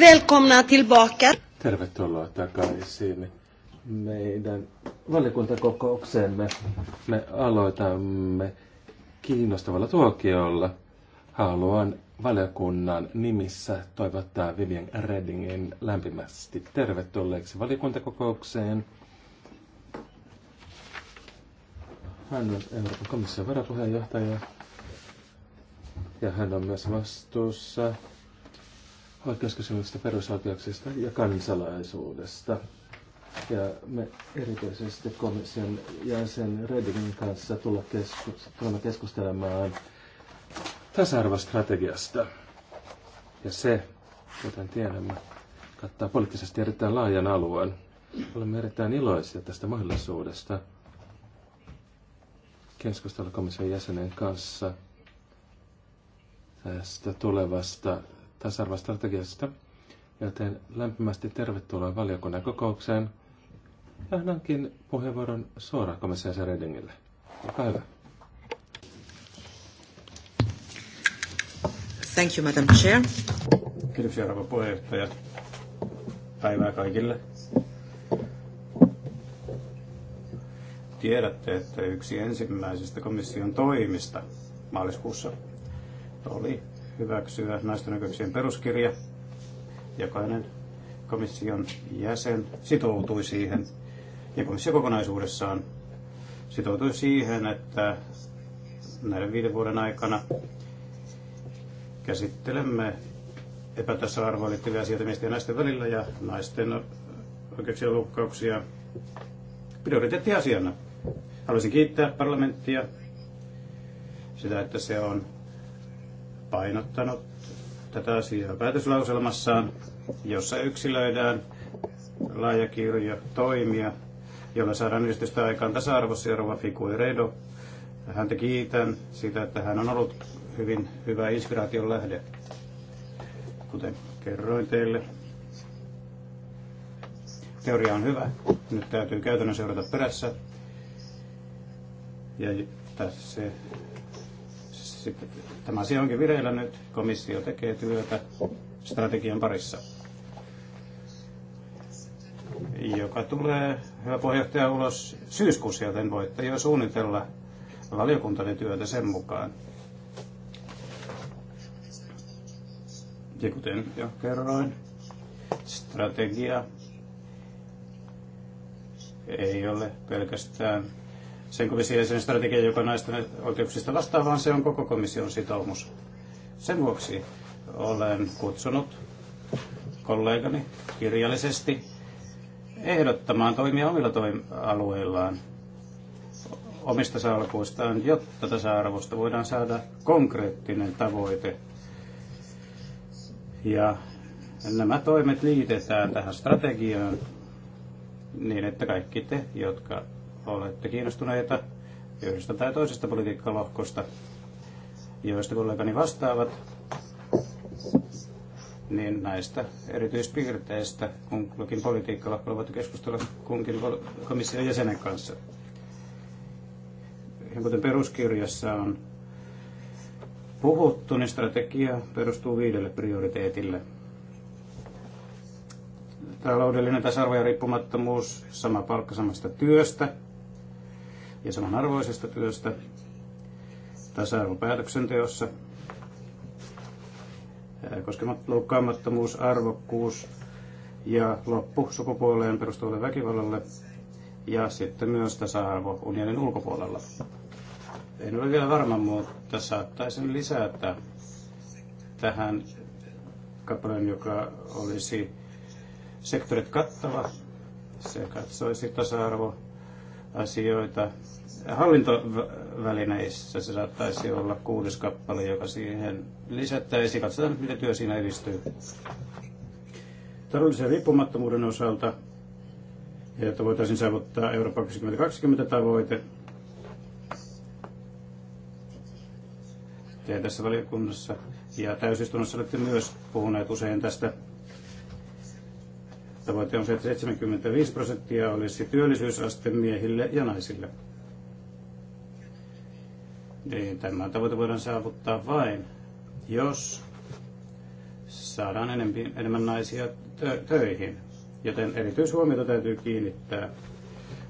Välkomna tillbaka. Tervetuloa takaisin meidän valikuntakokoukseemme. Me aloitamme kiinnostavalla tuokiolla. Haluan valiokunnan nimissä toivottaa Vivian Reddingin lämpimästi tervetulleeksi valikuntakokoukseen. Hän on Euroopan komission varapuheenjohtaja ja hän on myös vastuussa oikeuskysymyksistä, perusoikeuksista ja kansalaisuudesta. Ja me erityisesti komission jäsen Redingin kanssa tulla keskus, tulemme keskustelemaan tasa-arvostrategiasta. Ja se, kuten tiedämme, kattaa poliittisesti erittäin laajan alueen. Olemme erittäin iloisia tästä mahdollisuudesta keskustella komission jäsenen kanssa tästä tulevasta tasa-arvostrategiasta, joten lämpimästi tervetuloa valiokunnan kokoukseen. Ja annankin puheenvuoron suoraan komissaari Redingille. Olkaa hyvä. Thank you, Madam Chair. Kiitoksia, arvo puheenjohtaja. Päivää kaikille. Tiedätte, että yksi ensimmäisistä komission toimista maaliskuussa oli hyväksyä naisten oikeuksien peruskirja. Jokainen komission jäsen sitoutui siihen ja komissio kokonaisuudessaan sitoutui siihen, että näiden viiden vuoden aikana käsittelemme epätasa arvoa liittyviä asioita miesten ja naisten välillä ja naisten oikeuksien loukkauksia prioriteettiasiana. Haluaisin kiittää parlamenttia sitä, että se on painottanut tätä asiaa päätöslauselmassaan, jossa yksilöidään laaja kirjo toimia, jolla saadaan yhdistystä aikaan tasa-arvossa ja Rova Figueiredo. Häntä kiitän siitä, että hän on ollut hyvin hyvä inspiraation lähde, kuten kerroin teille. Teoria on hyvä. Nyt täytyy käytännön seurata perässä. Ja tässä se, sitten Tämä asia onkin vireillä nyt. Komissio tekee työtä strategian parissa, joka tulee, hyvä puheenjohtaja, ulos syyskuussa, joten voitte jo suunnitella valiokuntani työtä sen mukaan. Ja kuten jo kerroin, strategia ei ole pelkästään sen komission jäsenen strategia, joka näistä oikeuksista vastaa, vaan se on koko komission sitoumus. Sen vuoksi olen kutsunut kollegani kirjallisesti ehdottamaan toimia omilla toim- alueillaan omista salkuistaan, jotta tasa-arvosta voidaan saada konkreettinen tavoite. Ja nämä toimet liitetään tähän strategiaan niin, että kaikki te, jotka olette kiinnostuneita yhdestä tai toisesta politiikkalohkosta, joista kollegani vastaavat, niin näistä erityispiirteistä kunkin politiikkalohkolla voitte keskustella kunkin komission jäsenen kanssa. Ja kuten peruskirjassa on puhuttu, niin strategia perustuu viidelle prioriteetille. Taloudellinen tasa-arvo ja riippumattomuus, sama palkka samasta työstä – ja samanarvoisesta työstä tasa-arvopäätöksenteossa. Koskemattomuus, arvokkuus ja loppu sukupuoleen perustuvalle väkivallalle ja sitten myös tasa-arvo unionin ulkopuolella. En ole vielä varma, mutta saattaisin lisätä tähän kappaleen, joka olisi sektorit kattava. Se katsoisi tasa-arvo, asioita. Hallintovälineissä se saattaisi olla kuudes kappale, joka siihen lisättäisiin. Katsotaan miten mitä työ siinä edistyy. Taloudellisen riippumattomuuden osalta, että voitaisiin saavuttaa Eurooppa 2020 tavoite, Tein tässä valiokunnassa ja täysistunnossa olette myös puhuneet usein tästä Tavoite on se, että 75 prosenttia olisi työllisyysaste miehille ja naisille. Niin, tämä tavoite voidaan saavuttaa vain, jos saadaan enempi, enemmän naisia tö- töihin. Joten erityishuomiota täytyy kiinnittää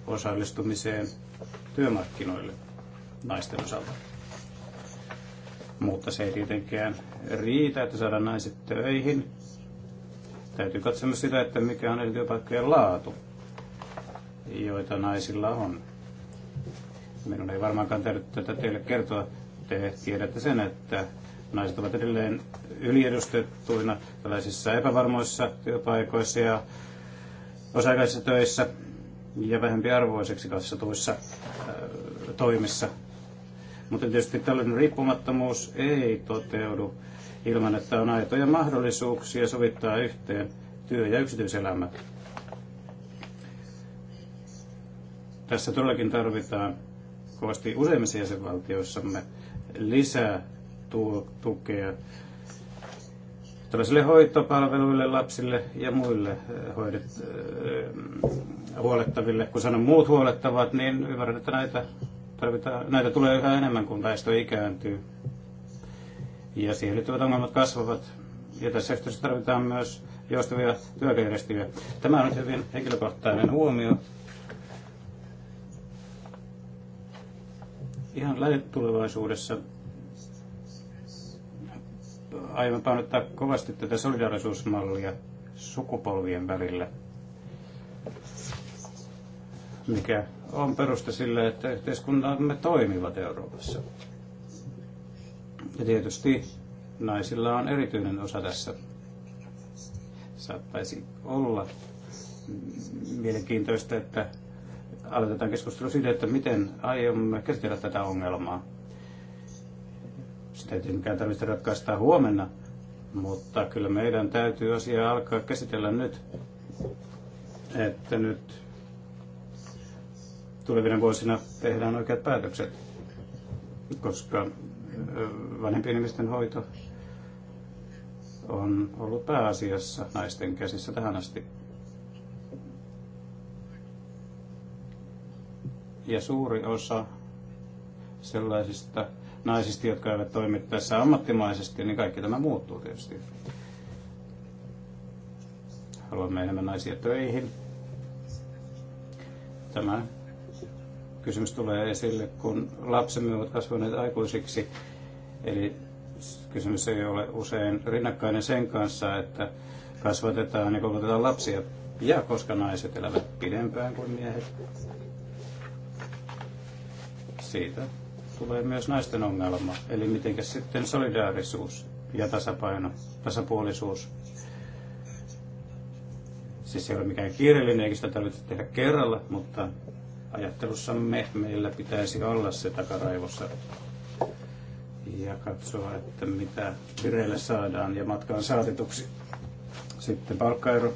osallistumiseen työmarkkinoille naisten osalta. Mutta se ei tietenkään riitä, että saadaan naiset töihin. Täytyy katsoa myös sitä, että mikä on työpaikkojen laatu, joita naisilla on. Minun ei varmaankaan tarvitse tätä teille kertoa. Te tiedätte sen, että naiset ovat edelleen yliedustettuina tällaisissa epävarmoissa työpaikoissa ja osa-aikaisissa töissä ja arvoiseksi katsotuissa äh, toimissa. Mutta tietysti tällainen riippumattomuus ei toteudu ilman, että on aitoja mahdollisuuksia sovittaa yhteen työ- ja yksityiselämä. Tässä todellakin tarvitaan kovasti useimmissa jäsenvaltioissamme lisää tukea tällaisille hoitopalveluille, lapsille ja muille eh, hoidet, äh, huolettaville. Kun sanon muut huolettavat, niin ymmärrän, että näitä, tarvitaan, näitä tulee yhä enemmän, kun väestö ikääntyy ja siihen liittyvät ongelmat kasvavat. Ja tässä yhteydessä tarvitaan myös joustavia työjärjestelyjä. Tämä on nyt hyvin henkilökohtainen huomio. Ihan lähitulevaisuudessa aion painottaa kovasti tätä solidaarisuusmallia sukupolvien välillä, mikä on perusta sille, että yhteiskuntamme toimivat Euroopassa. Ja tietysti naisilla on erityinen osa tässä. Saattaisi olla mielenkiintoista, että aloitetaan keskustelu siitä, että miten aiomme käsitellä tätä ongelmaa. Sitä ei tietenkään tarvitse ratkaista huomenna, mutta kyllä meidän täytyy asiaa alkaa käsitellä nyt, että nyt tulevina vuosina tehdään oikeat päätökset, koska vanhempien ihmisten hoito on ollut pääasiassa naisten käsissä tähän asti. Ja suuri osa sellaisista naisista, jotka eivät toimi tässä ammattimaisesti, niin kaikki tämä muuttuu tietysti. Haluamme enemmän naisia töihin. Tämä kysymys tulee esille, kun lapsemme ovat kasvaneet aikuisiksi. Eli kysymys ei ole usein rinnakkainen sen kanssa, että kasvatetaan ja koulutetaan lapsia. Ja koska naiset elävät pidempään kuin miehet, siitä tulee myös naisten ongelma. Eli miten sitten solidaarisuus ja tasapaino, tasapuolisuus. Siis ei ole mikään kiireellinen, eikä sitä tarvitse tehdä kerralla, mutta ajattelussamme meillä pitäisi olla se takaraivossa ja katsoa, että mitä vireille saadaan ja matkaan saatetuksi. Sitten palkkaero.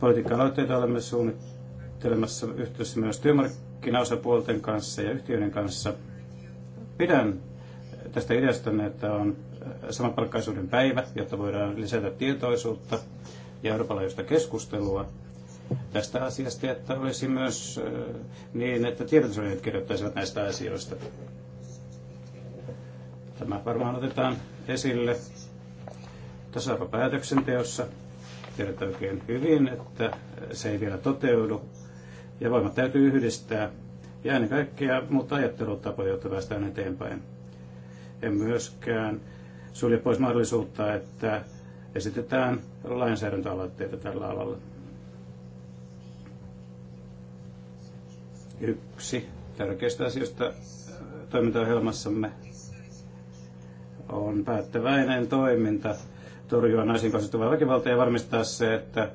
Politiikka-aloitteita olemme suunnittelemassa yhteydessä myös työmarkkinaosapuolten kanssa ja yhtiöiden kanssa. Pidän tästä ideasta, että on samanpalkkaisuuden päivä, jotta voidaan lisätä tietoisuutta ja eurooppalaista keskustelua tästä asiasta, että olisi myös niin, että tiedotusvälineet kirjoittaisivat näistä asioista. Tämä varmaan otetaan esille tasa-arvopäätöksenteossa. Tiedät oikein hyvin, että se ei vielä toteudu. Ja voimat täytyy yhdistää ja ennen kaikkea muuttaa ajattelutapoja, jotta päästään eteenpäin. En myöskään sulje pois mahdollisuutta, että esitetään lainsäädäntöaloitteita tällä alalla. Yksi tärkeistä asioista äh, toimintaohjelmassamme on päättäväinen toiminta torjua naisiin kohdistuvaa väkivaltaa ja varmistaa se, että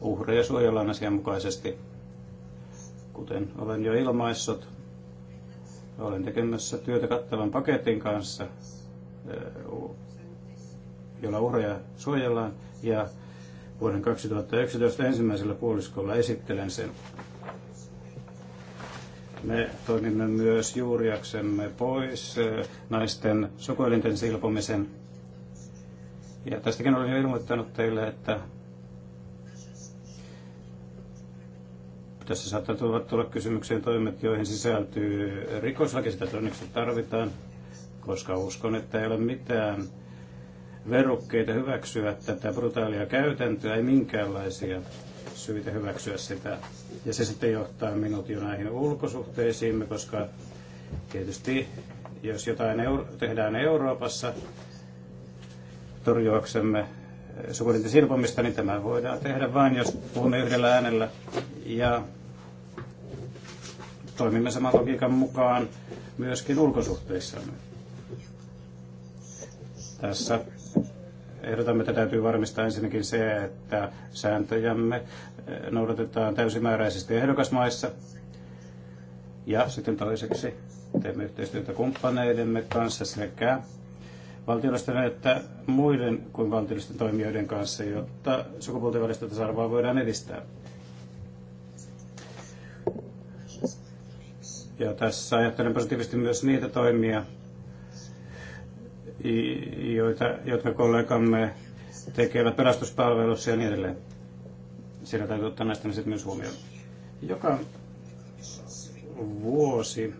uhreja suojellaan asianmukaisesti. Kuten olen jo ilmaissut, olen tekemässä työtä kattavan paketin kanssa, äh, jolla uhreja suojellaan, ja vuoden 2011 ensimmäisellä puoliskolla esittelen sen. Me toimimme myös juuriaksemme pois naisten sukuelinten silpomisen. Ja tästäkin olen jo ilmoittanut teille, että tässä saattaa tulla, kysymykseen toimet, joihin sisältyy rikoslaki, sitä todennäköisesti tarvitaan, koska uskon, että ei ole mitään verukkeita hyväksyä tätä brutaalia käytäntöä, ei minkäänlaisia syitä hyväksyä sitä. Ja se sitten johtaa minut jo näihin ulkosuhteisiimme, koska tietysti jos jotain euro- tehdään Euroopassa torjuaksemme sukurinten silpomista, niin tämä voidaan tehdä vain, jos puhumme yhdellä äänellä ja toimimme saman logiikan mukaan myöskin ulkosuhteissamme. Tässä ehdotamme, että täytyy varmistaa ensinnäkin se, että sääntöjämme noudatetaan täysimääräisesti ehdokasmaissa. Ja sitten toiseksi teemme yhteistyötä kumppaneidemme kanssa sekä valtiollisten että muiden kuin valtiollisten toimijoiden kanssa, jotta sukupuolten välistä tasa-arvoa voidaan edistää. Ja tässä ajattelen positiivisesti myös niitä toimia, joita, jotka kollegamme tekevät pelastuspalvelussa ja niin edelleen. Siinä täytyy ottaa näistä niin myös huomioon. Joka vuosi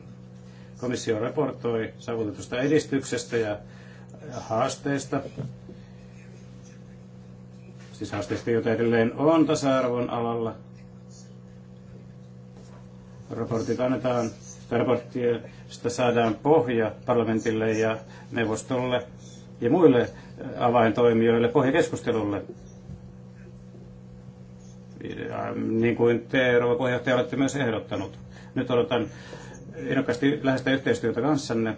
komissio raportoi saavutetusta edistyksestä ja haasteista, siis haasteista, joita edelleen on tasa-arvon alalla. Raportit annetaan, raportista saadaan pohja parlamentille ja neuvostolle ja muille avaintoimijoille pohjakeskustelulle Äh, niin kuin te, Euroopan puheenjohtaja, olette myös ehdottanut. Nyt odotan innokkaasti läheistä yhteistyötä kanssanne,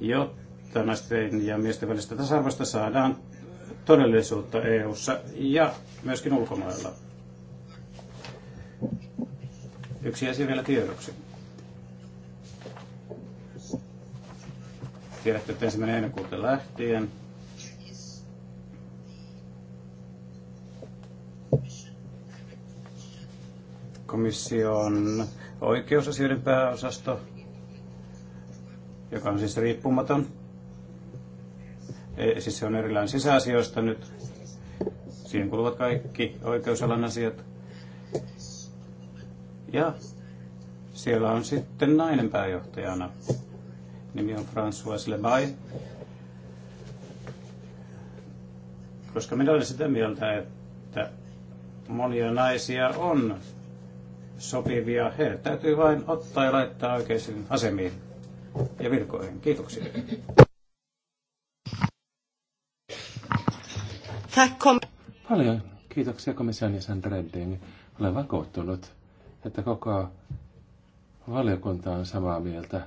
jotta naisten ja miesten välistä tasa-arvosta saadaan todellisuutta EU-ssa ja myöskin ulkomailla. Yksi asia vielä tiedoksi. Tiedätte, että ensimmäinen heinäkuuta lähtien komission oikeusasioiden pääosasto, joka on siis riippumaton. E, siis se on erilainen sisäasioista nyt. Siihen kuuluvat kaikki oikeusalan asiat. Ja siellä on sitten nainen pääjohtajana. Nimi on François Lebay. Koska minä olen sitä mieltä, että monia naisia on sopivia. Heidät täytyy vain ottaa ja laittaa oikeisiin asemiin ja virkoihin. Kiitoksia. Paljon kiitoksia komission jäsen Redding. Olen vakuuttunut, että koko valiokunta on samaa mieltä,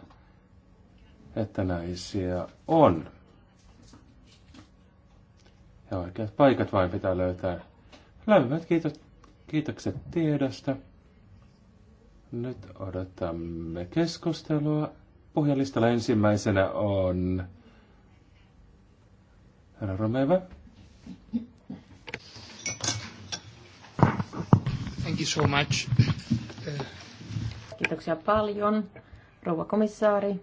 että naisia on. Ja oikeat paikat vain pitää löytää. Lämmät kiitos, kiitokset tiedosta. Nyt odotamme keskustelua. Puhujalistalla ensimmäisenä on herra Romeva. Thank you so much. Kiitoksia paljon, rouva komissaari.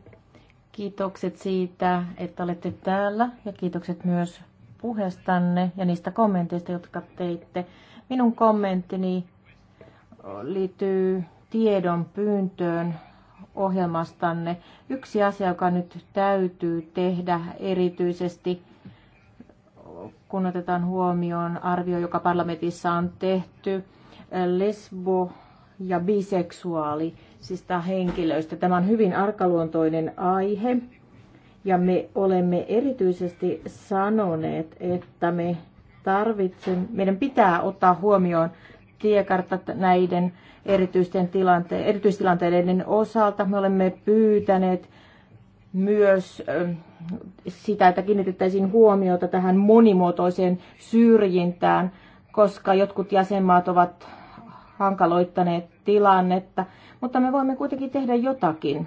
Kiitokset siitä, että olette täällä ja kiitokset myös puheestanne ja niistä kommenteista, jotka teitte. Minun kommenttini liittyy tiedon pyyntöön ohjelmastanne. Yksi asia, joka nyt täytyy tehdä erityisesti, kun otetaan huomioon arvio, joka parlamentissa on tehty, lesbo- ja biseksuaalisista henkilöistä. Tämä on hyvin arkaluontoinen aihe ja me olemme erityisesti sanoneet, että me tarvitsemme, meidän pitää ottaa huomioon tiekartat näiden erityisten tilante- erityistilanteiden osalta. Me olemme pyytäneet myös ähm, sitä, että kiinnitettäisiin huomiota tähän monimuotoiseen syrjintään, koska jotkut jäsenmaat ovat hankaloittaneet tilannetta, mutta me voimme kuitenkin tehdä jotakin.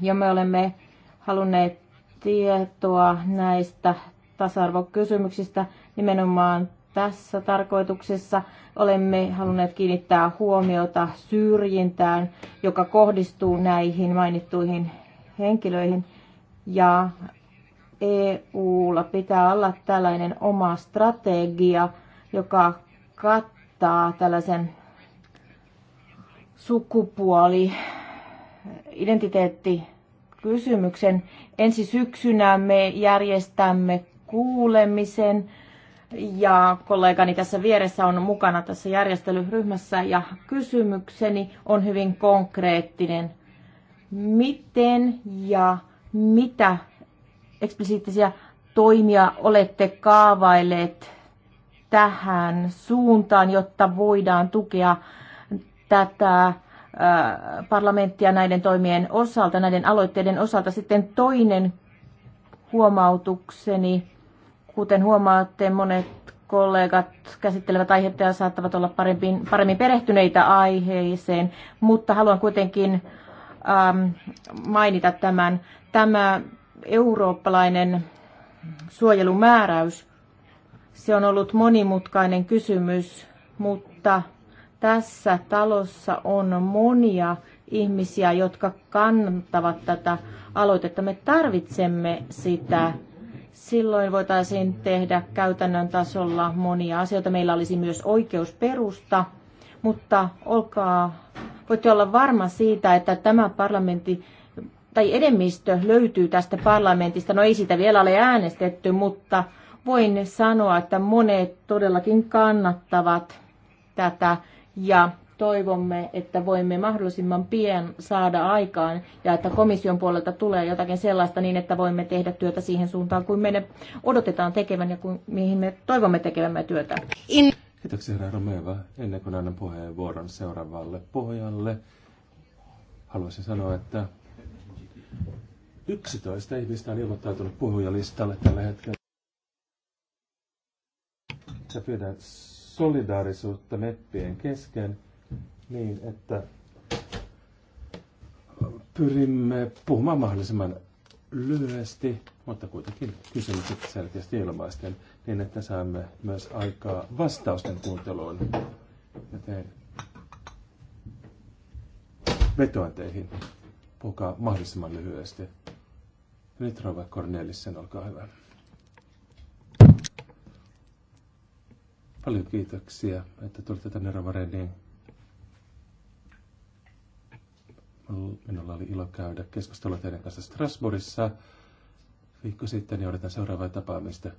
Ja me olemme halunneet tietoa näistä tasa-arvokysymyksistä nimenomaan tässä tarkoituksessa olemme halunneet kiinnittää huomiota syrjintään, joka kohdistuu näihin mainittuihin henkilöihin. Ja EUlla pitää olla tällainen oma strategia, joka kattaa tällaisen sukupuoli identiteetti kysymyksen. Ensi syksynä me järjestämme kuulemisen ja kollegani tässä vieressä on mukana tässä järjestelyryhmässä ja kysymykseni on hyvin konkreettinen. Miten ja mitä eksplisiittisiä toimia olette kaavailleet tähän suuntaan, jotta voidaan tukea tätä äh, parlamenttia näiden toimien osalta, näiden aloitteiden osalta. Sitten toinen huomautukseni Kuten huomaatte, monet kollegat käsittelevät aihetta ja saattavat olla paremmin, paremmin perehtyneitä aiheeseen, mutta haluan kuitenkin ähm, mainita tämän. Tämä eurooppalainen suojelumääräys, se on ollut monimutkainen kysymys, mutta tässä talossa on monia ihmisiä, jotka kannattavat tätä aloitetta. Me tarvitsemme sitä Silloin voitaisiin tehdä käytännön tasolla monia asioita. Meillä olisi myös oikeusperusta, mutta olkaa, voitte olla varma siitä, että tämä parlamentti tai enemmistö löytyy tästä parlamentista. No ei sitä vielä ole äänestetty, mutta voin sanoa, että monet todellakin kannattavat tätä ja toivomme, että voimme mahdollisimman pian saada aikaan ja että komission puolelta tulee jotakin sellaista niin, että voimme tehdä työtä siihen suuntaan, kuin meidän odotetaan tekevän ja kuin, mihin me toivomme tekevämme työtä. In... Kiitoksia herra Romeva. Ennen kuin annan puheenvuoron seuraavalle pohjalle, haluaisin sanoa, että 11 ihmistä on ilmoittautunut puhujalistalle tällä hetkellä. Ja pyydän solidaarisuutta meppien kesken niin, että pyrimme puhumaan mahdollisimman lyhyesti, mutta kuitenkin kysymykset selkeästi ilmaisten, niin että saamme myös aikaa vastausten kuunteluun. Joten vetoan teihin. Puhukaa mahdollisimman lyhyesti. Nyt Rova Cornelissen, olkaa hyvä. Paljon kiitoksia, että tulitte tänne Rova Redin. Minulla oli ilo käydä keskustelua teidän kanssa Strasbourgissa viikko sitten ja niin odotan seuraavaa tapaamista.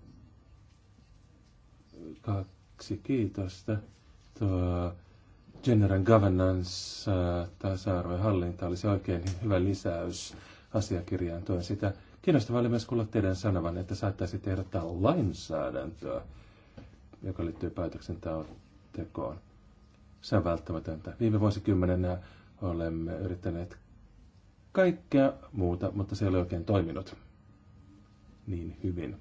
Kaksi kiitosta. Tuo General Governance, äh, tasa-arvo ja hallinta olisi oikein hyvä lisäys asiakirjaan. Tuen sitä. Kiinnostavaa oli myös kuulla teidän sanovan, että tehdä ehdottaa lainsäädäntöä, joka liittyy päätöksentekoon. Se on välttämätöntä. Viime vuosikymmenenä Olemme yrittäneet kaikkea muuta, mutta se ei ole oikein toiminut niin hyvin.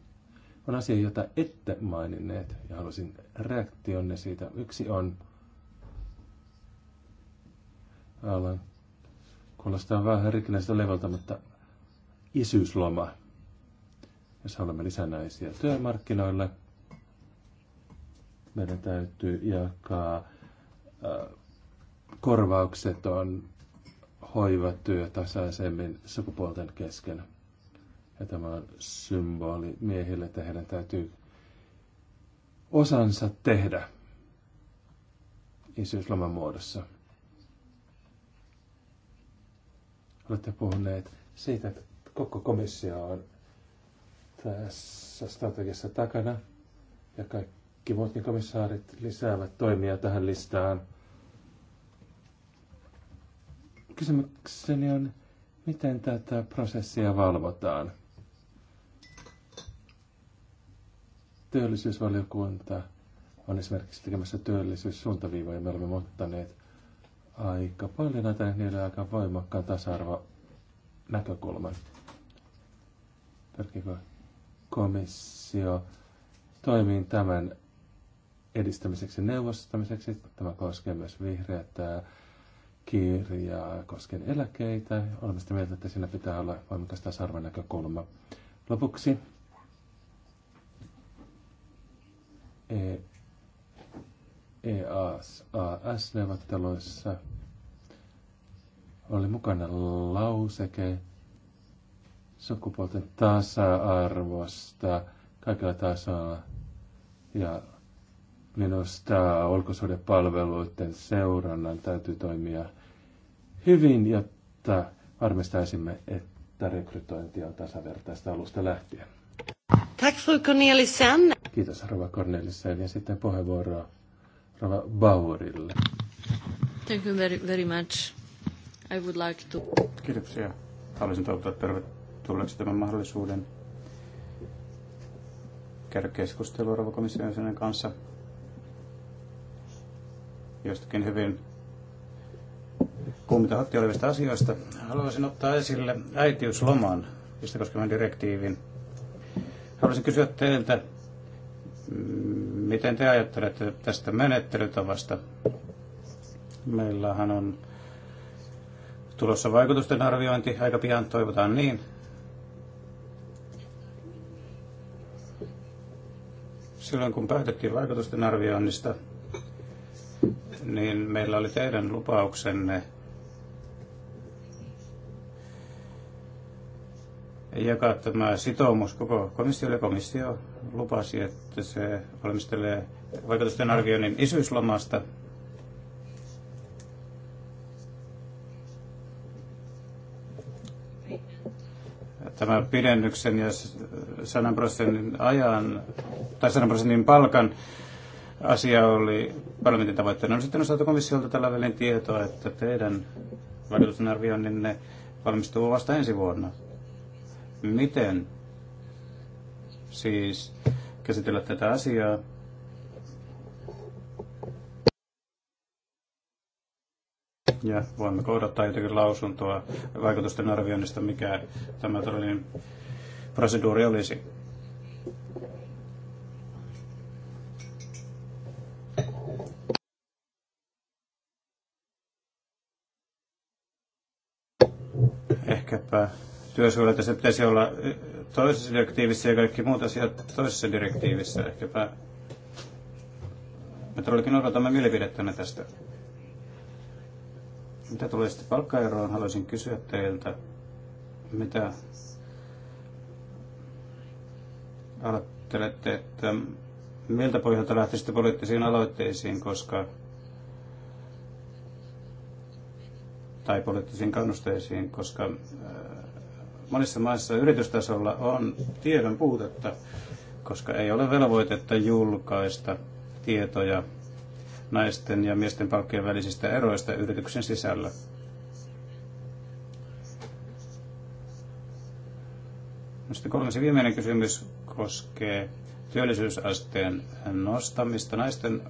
On asia, jota ette maininneet ja halusin reaktionne siitä. Yksi on, alan kuulostaa vähän rikkinäiseltä levolta, mutta isyysloma, jos haluamme lisänäisiä työmarkkinoille. Meidän täytyy jakaa äh, korvaukset on hoivatyö tasaisemmin sukupuolten kesken. Ja tämä on symboli miehille, että heidän täytyy osansa tehdä isyysloman muodossa. Olette puhuneet siitä, että koko komissio on tässä strategiassa takana ja kaikki muutkin komissaarit lisäävät toimia tähän listaan – Kysymykseni on, miten tätä prosessia valvotaan? Työllisyysvaliokunta on esimerkiksi tekemässä työllisyyssuuntaviivoja. Me olemme ottaneet aika paljon näitä niille aika voimakkaan tasa-arvo näkökulman. Pyrkikö komissio toimii tämän edistämiseksi ja neuvostamiseksi? Tämä koskee myös vihreätä kirjaa koskien eläkeitä. Olemme sitä mieltä, että siinä pitää olla voimakas tasa-arvon näkökulma. Lopuksi EAS-neuvotteluissa e oli mukana lauseke sukupuolten tasa-arvosta kaikilla tasoilla ja Minusta ulkosuhdepalveluiden seurannan täytyy toimia hyvin, jotta varmistaisimme, että rekrytointi on tasavertaista alusta lähtien. Tack fru Cornelissen. Kiitos Rova Cornelissen ja sitten puheenvuoroa Rova Bauerille. Thank you very, very much. I would like to... Kiitoksia. Haluaisin toivottaa tervetulleeksi tämän mahdollisuuden käydä keskustelua Rova komission kanssa jostakin hyvin kuumita hattia olevista asioista. Haluaisin ottaa esille äitiysloman, josta koskevan direktiivin. Haluaisin kysyä teiltä, mm, miten te ajattelette tästä menettelytavasta? Meillähän on tulossa vaikutusten arviointi aika pian, toivotaan niin. Silloin kun päätettiin vaikutusten arvioinnista, niin meillä oli teidän lupauksenne jakaa tämä sitoumus koko komissiolle. Komissio lupasi, että se valmistelee vaikutusten arvioinnin isyyslomasta. Tämä pidennyksen ja 100 prosentin ajan tai 100 prosentin palkan asia oli parlamentin tavoitteena. No sitten on saatu komissiolta tällä välin tietoa, että teidän vaikutusten arvioinninne valmistuu vasta ensi vuonna. Miten siis käsitellä tätä asiaa? Ja voimme odottaa jotakin lausuntoa vaikutusten arvioinnista, mikä tämä todellinen proseduuri olisi. lähempää työsuojelta. Se pitäisi olla toisessa direktiivissä ja kaikki muut asiat toisessa direktiivissä. Ehkäpä me todellakin odotamme mielipidettänne tästä. Mitä tulee sitten palkkaeroon, haluaisin kysyä teiltä, mitä ajattelette, että miltä pohjalta lähtisitte poliittisiin aloitteisiin, koska tai poliittisiin kannusteisiin, koska äh, monissa maissa yritystasolla on tiedon puutetta, koska ei ole velvoitetta julkaista tietoja naisten ja miesten palkkien välisistä eroista yrityksen sisällä. No sitten kolmas viimeinen kysymys koskee työllisyysasteen nostamista naisten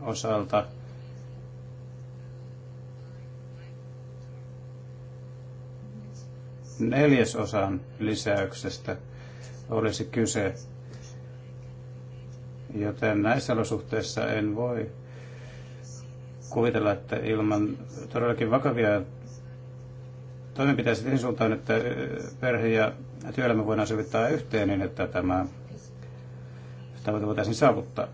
osalta – neljäsosan lisäyksestä olisi kyse. Joten näissä olosuhteissa en voi kuvitella, että ilman todellakin vakavia toimenpiteitä siihen suuntaan, että perhe ja työelämä voidaan sovittaa yhteen niin, että tämä tavoite voitaisiin saavuttaa.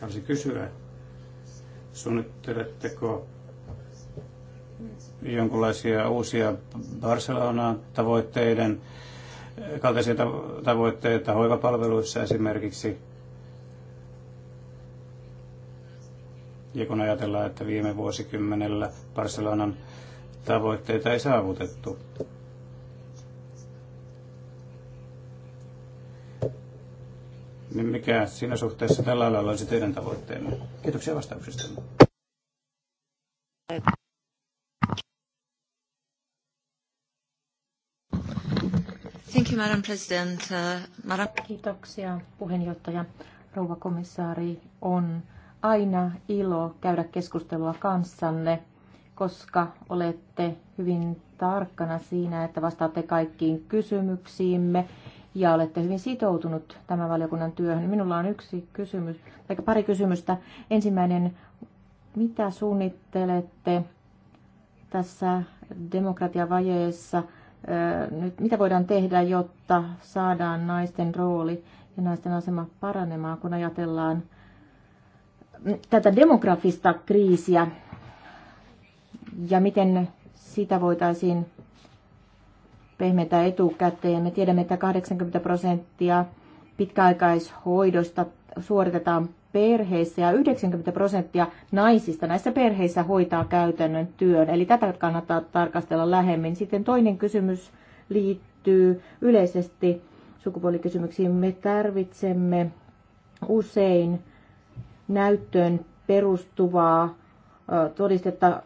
Haluaisin kysyä, suunnitteletteko jonkinlaisia uusia Barcelonaan tavoitteiden kaltaisia tavoitteita hoivapalveluissa esimerkiksi. Ja kun ajatellaan, että viime vuosikymmenellä Barcelonan tavoitteita ei saavutettu. Niin mikä siinä suhteessa tällä alalla olisi teidän tavoitteenne? Kiitoksia vastauksista. Uh, Kiitoksia, puheenjohtaja. Rouva komissaari, on aina ilo käydä keskustelua kanssanne, koska olette hyvin tarkkana siinä, että vastaatte kaikkiin kysymyksiimme ja olette hyvin sitoutunut tämän valiokunnan työhön. Minulla on yksi kysymys, tai pari kysymystä. Ensimmäinen, mitä suunnittelette tässä demokratiavajeessa – nyt, mitä voidaan tehdä, jotta saadaan naisten rooli ja naisten asema paranemaan, kun ajatellaan tätä demografista kriisiä ja miten sitä voitaisiin pehmentää etukäteen. Me tiedämme, että 80 prosenttia pitkäaikaishoidosta suoritetaan perheissä ja 90 prosenttia naisista näissä perheissä hoitaa käytännön työn. Eli tätä kannattaa tarkastella lähemmin. Sitten toinen kysymys liittyy yleisesti sukupuolikysymyksiin. Me tarvitsemme usein näyttöön perustuvaa todistetta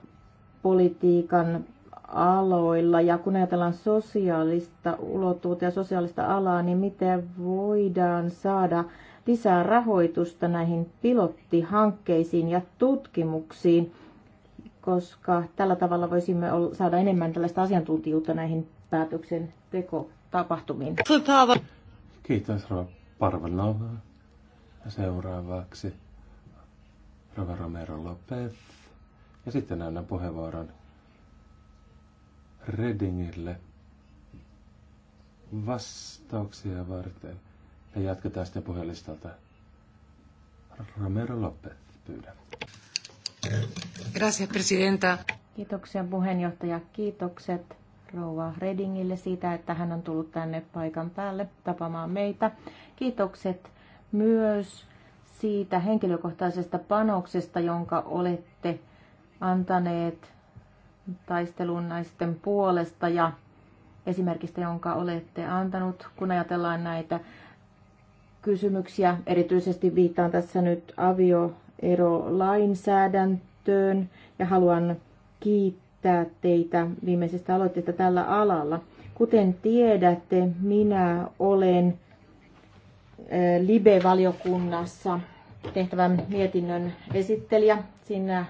politiikan aloilla. Ja kun ajatellaan sosiaalista ulottuvuutta ja sosiaalista alaa, niin miten voidaan saada lisää rahoitusta näihin pilottihankkeisiin ja tutkimuksiin, koska tällä tavalla voisimme saada enemmän tällaista asiantuntijuutta näihin päätöksentekotapahtumiin. Kiitos Rova Parvanova. Seuraavaksi Rova Romero Lopez. Ja sitten annan puheenvuoron Redingille vastauksia varten. Ja jatketaan sitten puhelistalta. Romero Lopez, pyydän. Gracias, presidenta. Kiitoksia puheenjohtaja. Kiitokset rouva Redingille siitä, että hän on tullut tänne paikan päälle tapaamaan meitä. Kiitokset myös siitä henkilökohtaisesta panoksesta, jonka olette antaneet taistelun naisten puolesta ja esimerkistä, jonka olette antanut, kun ajatellaan näitä kysymyksiä. Erityisesti viittaan tässä nyt avioerolainsäädäntöön ja haluan kiittää teitä viimeisestä aloitteesta tällä alalla. Kuten tiedätte, minä olen eh, Libe-valiokunnassa tehtävän mietinnön esittelijä. Siinä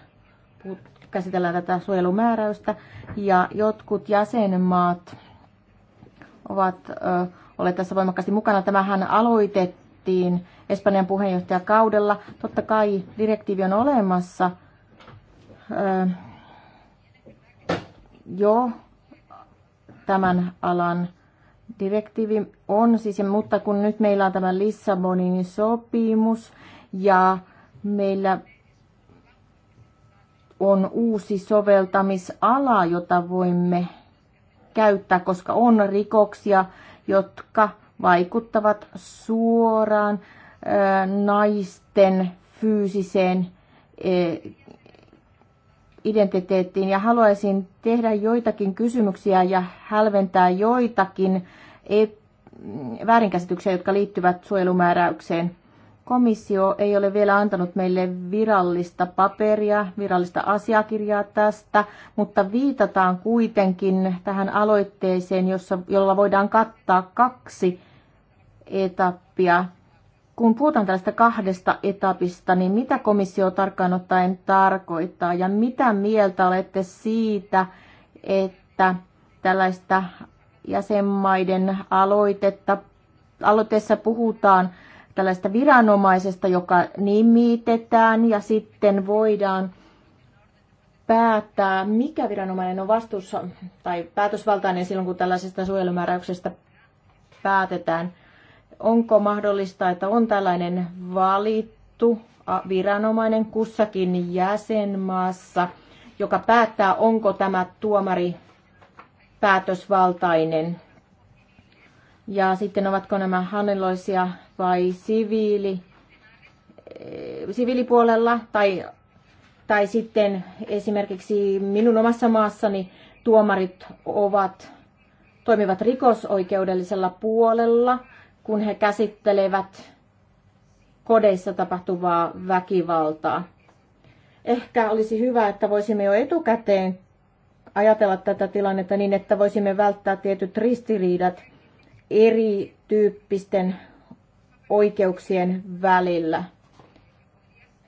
käsitellään tätä suojelumääräystä ja jotkut jäsenmaat ovat eh, olleet tässä voimakkaasti mukana. Tämähän aloitettiin tehtiin Espanjan puheenjohtajakaudella. Totta kai direktiivi on olemassa jo tämän alan direktiivi on, siis, mutta kun nyt meillä on tämä Lissabonin sopimus ja meillä on uusi soveltamisala, jota voimme käyttää, koska on rikoksia, jotka vaikuttavat suoraan naisten fyysiseen e, identiteettiin ja haluaisin tehdä joitakin kysymyksiä ja hälventää joitakin väärinkäsityksiä, jotka liittyvät suojelumääräykseen. Komissio ei ole vielä antanut meille virallista paperia, virallista asiakirjaa tästä, mutta viitataan kuitenkin tähän aloitteeseen, jossa, jolla voidaan kattaa kaksi etappia. Kun puhutaan tästä kahdesta etapista, niin mitä komissio tarkkaan ottaen tarkoittaa ja mitä mieltä olette siitä, että tällaista jäsenmaiden aloitetta, aloitteessa puhutaan tällaista viranomaisesta, joka nimitetään ja sitten voidaan päättää, mikä viranomainen on vastuussa tai päätösvaltainen silloin, kun tällaisesta suojelumääräyksestä päätetään – onko mahdollista, että on tällainen valittu viranomainen kussakin jäsenmaassa, joka päättää, onko tämä tuomari päätösvaltainen. Ja sitten ovatko nämä hallinnollisia vai siviili, eh, siviilipuolella tai, tai sitten esimerkiksi minun omassa maassani tuomarit ovat, toimivat rikosoikeudellisella puolella – kun he käsittelevät kodeissa tapahtuvaa väkivaltaa. Ehkä olisi hyvä, että voisimme jo etukäteen ajatella tätä tilannetta niin, että voisimme välttää tietyt ristiriidat erityyppisten oikeuksien välillä.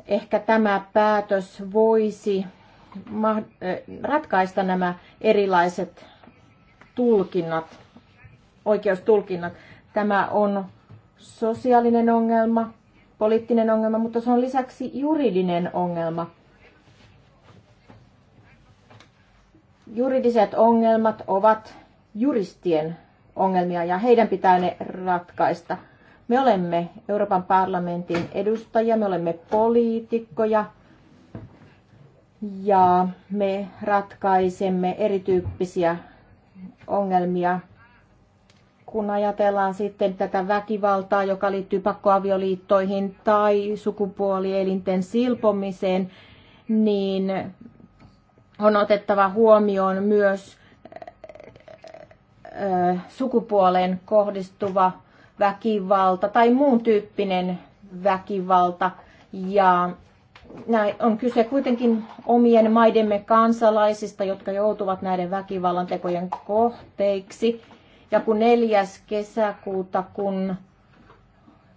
Ehkä tämä päätös voisi eh, ratkaista nämä erilaiset tulkinnat, oikeustulkinnat. Tämä on sosiaalinen ongelma, poliittinen ongelma, mutta se on lisäksi juridinen ongelma. Juridiset ongelmat ovat juristien ongelmia ja heidän pitää ne ratkaista. Me olemme Euroopan parlamentin edustajia, me olemme poliitikkoja ja me ratkaisemme erityyppisiä ongelmia kun ajatellaan sitten tätä väkivaltaa, joka liittyy pakkoavioliittoihin tai sukupuolielinten silpomiseen, niin on otettava huomioon myös sukupuoleen kohdistuva väkivalta tai muun tyyppinen väkivalta. Ja näin on kyse kuitenkin omien maidemme kansalaisista, jotka joutuvat näiden väkivallan tekojen kohteiksi. Ja kun neljäs kesäkuuta, kun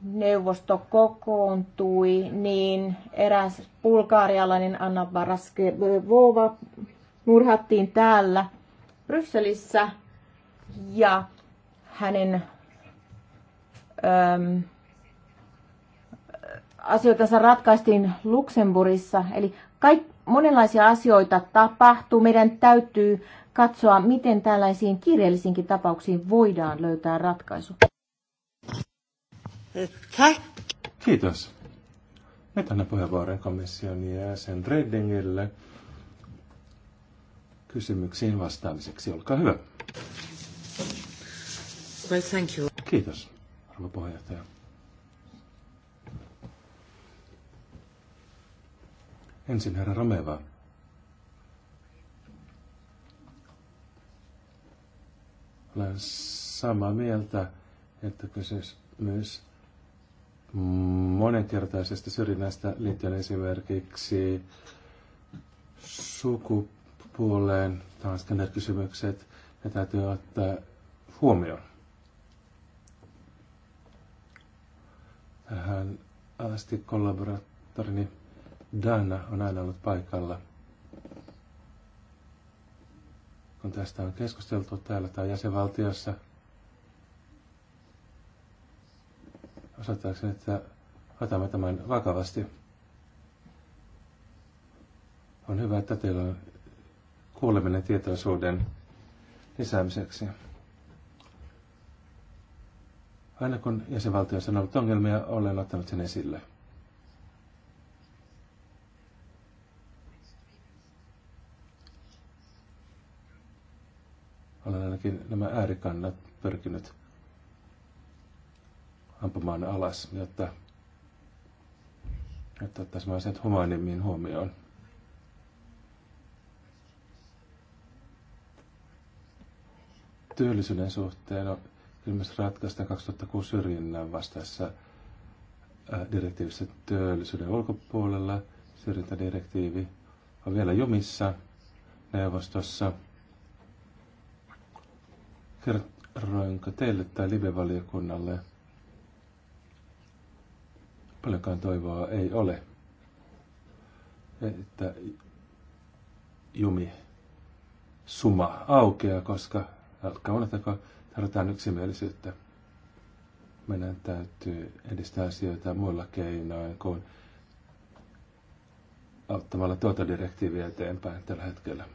neuvosto kokoontui, niin eräs bulgaarialainen Anna Baraskevova murhattiin täällä Brysselissä ja hänen äm, asioitansa ratkaistiin Luxemburissa. Eli kaik, monenlaisia asioita tapahtuu. Meidän täytyy katsoa, miten tällaisiin kirjallisiinkin tapauksiin voidaan löytää ratkaisu. Kiitos. Me tänne puheenvuoron komission jäsen Reddingille kysymyksiin vastaamiseksi. Olkaa hyvä. Well, thank you. Kiitos, arvo puheenjohtaja. Ensin herra Romeva. Olen samaa mieltä, että kyseessä myös monenkertaisesta syrjinnästä liittyen esimerkiksi sukupuoleen taas kysymykset, ne täytyy ottaa huomioon. Tähän asti kollaboraattorini Dana on aina ollut paikalla – kun tästä on keskusteltu täällä tai jäsenvaltiossa, osoittaakseni, että otamme tämän vakavasti. On hyvä, että teillä on kuuleminen tietoisuuden lisäämiseksi. Aina kun jäsenvaltiossa on ollut ongelmia, olen ottanut sen esille. olen ainakin nämä äärikannat pyrkinyt ampumaan alas, jotta, jotta ottaisimme asiat humanimmin huomioon. Työllisyyden suhteen on ilmeisesti ratkaista 2006 syrjinnän vastaessa direktiivissä työllisyyden ulkopuolella. Syrjintädirektiivi on vielä jumissa neuvostossa. Kerroinko teille tai live-valiokunnalle? Paljonkaan toivoa ei ole, että jumi suma aukeaa, koska älkää unohtako, tarvitaan yksimielisyyttä. Meidän täytyy edistää asioita muilla keinoin kuin auttamalla tuota direktiiviä eteenpäin tällä hetkellä.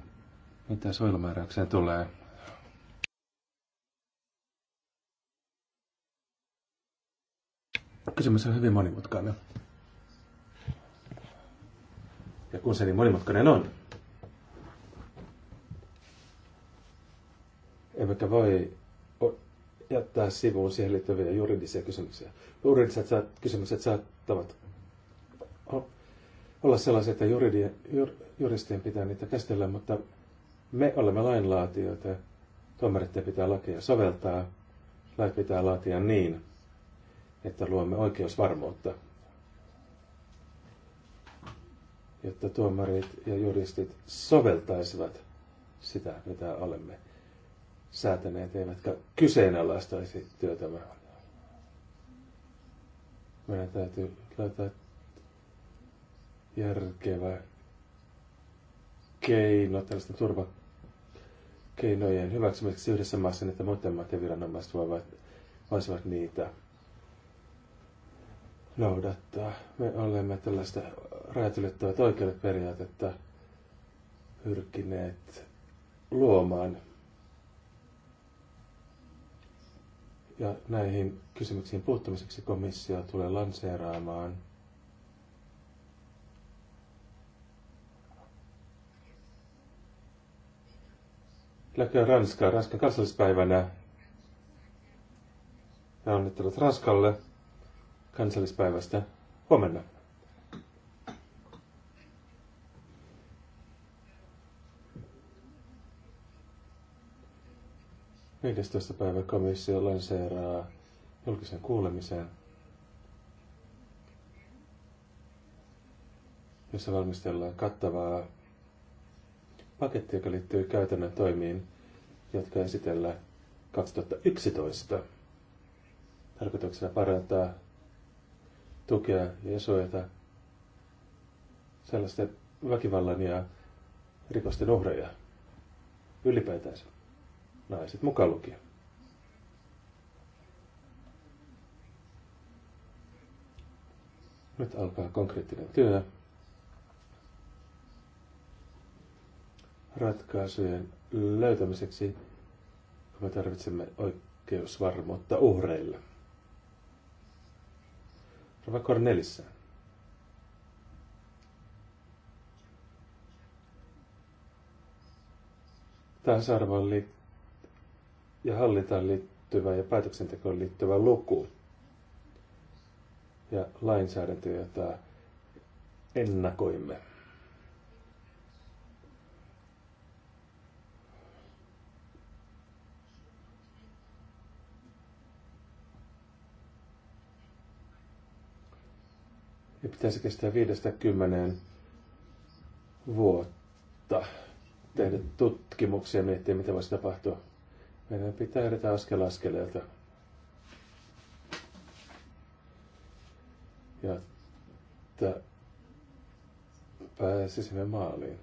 Mitä soilumääräykseen tulee, kysymys on hyvin monimutkainen. Ja kun se niin monimutkainen on, emmekä voi jättää sivuun siihen liittyviä juridisia kysymyksiä. Juridiset kysymykset saattavat olla sellaisia, että juridien, jur, juristien pitää niitä käsitellä, mutta me olemme lainlaatijoita. Tuomarit pitää lakia soveltaa, lait pitää laatia niin, että luomme oikeusvarmuutta, jotta tuomarit ja juristit soveltaisivat sitä, mitä olemme säätäneet, eivätkä kyseenalaistaisi työtämme. Meidän täytyy löytää järkevä keino tällaista turvakeinojen hyväksymiseksi yhdessä maassa, niin että muiden maiden viranomaiset voivat, voisivat niitä noudattaa. Me olemme tällaista räätylöttävät oikeudet periaatetta pyrkineet luomaan. Ja näihin kysymyksiin puuttumiseksi komissio tulee lanseeraamaan Läkö Ranskaa Ranskan kansallispäivänä ja onnittelut Ranskalle kansallispäivästä huomenna. Viidestoista päivä komissio lanseeraa julkisen kuulemisen, jossa valmistellaan kattavaa pakettia, joka liittyy käytännön toimiin, jotka esitellään 2011. Tarkoituksena parantaa tukea ja suojata sellaisten väkivallan ja rikosten uhreja ylipäätänsä, naiset mukaan lukien. Nyt alkaa konkreettinen työ. Ratkaisujen löytämiseksi me tarvitsemme oikeusvarmuutta uhreille. Rova Cornelissa. Tasa-arvoon ja hallintaan liittyvä ja päätöksentekoon liittyvä luku ja lainsäädäntö, jota ennakoimme. ja pitäisi kestää viidestä kymmeneen vuotta tehdä tutkimuksia ja miettiä, mitä voisi tapahtua. Meidän pitää edetä askel askeleelta. Ja että pääsisimme maaliin.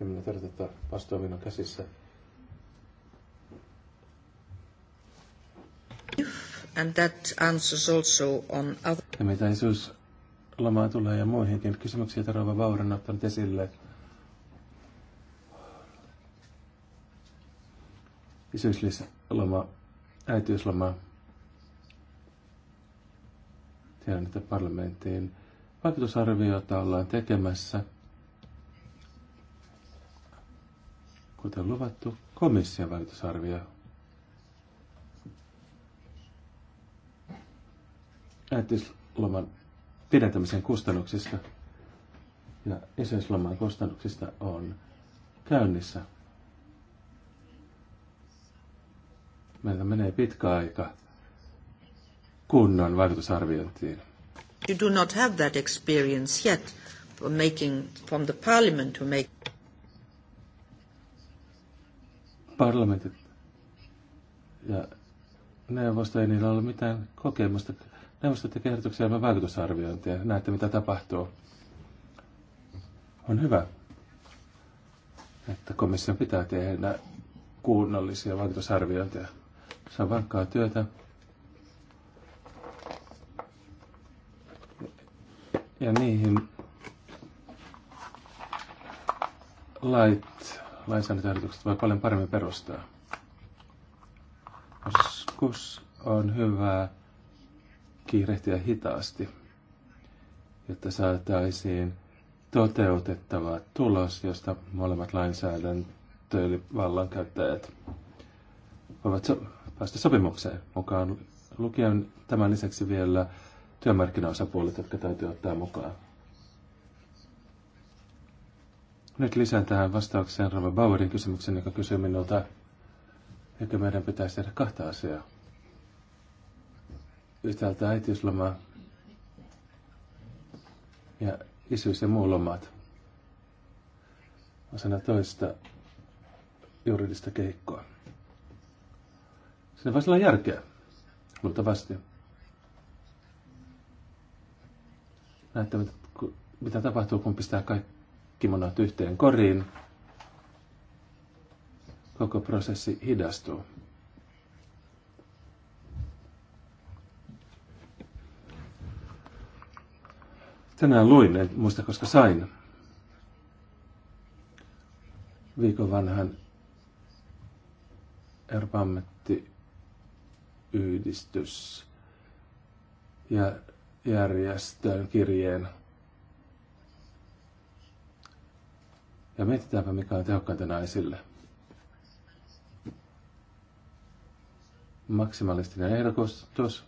Ja minä tarvitsen, että vastuu minun käsissä. And that answers also on other... Ja mitä Isyyslomaa tulee ja muihinkin niin kysymyksiä, joita Rauva Vauri on esille. Isyysloma, äitiysloma. Tiedän, parlamenttiin vaikutusarviota ollaan tekemässä. Kuten luvattu, komission vaikutusarvio äitiysloman pidentämisen kustannuksista ja isyysloman kustannuksista on käynnissä. Meillä menee pitkä aika kunnon vaikutusarviointiin. You do not have that experience yet from making from the parliament to make parlamentit ja neuvosto ei niillä ole mitään kokemusta Neuvosto teki ehdotuksia vaikutusarviointia. Näette, mitä tapahtuu. On hyvä, että komission pitää tehdä kunnollisia vaikutusarviointeja. Se on vankkaa työtä. Ja niihin lait, lainsäädäntöehdotukset voi paljon paremmin perustaa. Joskus on hyvää kiirehtiä hitaasti, jotta saataisiin toteutettava tulos, josta molemmat lainsäädäntövallan käyttäjät voivat so- päästä sopimukseen mukaan. lukien tämän lisäksi vielä työmarkkinaosapuolet, jotka täytyy ottaa mukaan. Nyt lisään tähän vastaukseen Rova Bauerin kysymyksen, joka kysyy minulta, eikö meidän pitäisi tehdä kahta asiaa yhtäältä äitiyslomaa ja isyys ja muu lomat osana toista juridista kehikkoa. Siinä voisi olla järkeä, luultavasti. Näette, mitä tapahtuu, kun pistää kaikki monat yhteen koriin. Koko prosessi hidastuu. Tänään luin, en muista koska sain, viikon vanhan Euroopan yhdistys ja järjestön kirjeen. Ja mietitäänpä, mikä on tehokkainta naisille. Maksimalistinen ehdokostus,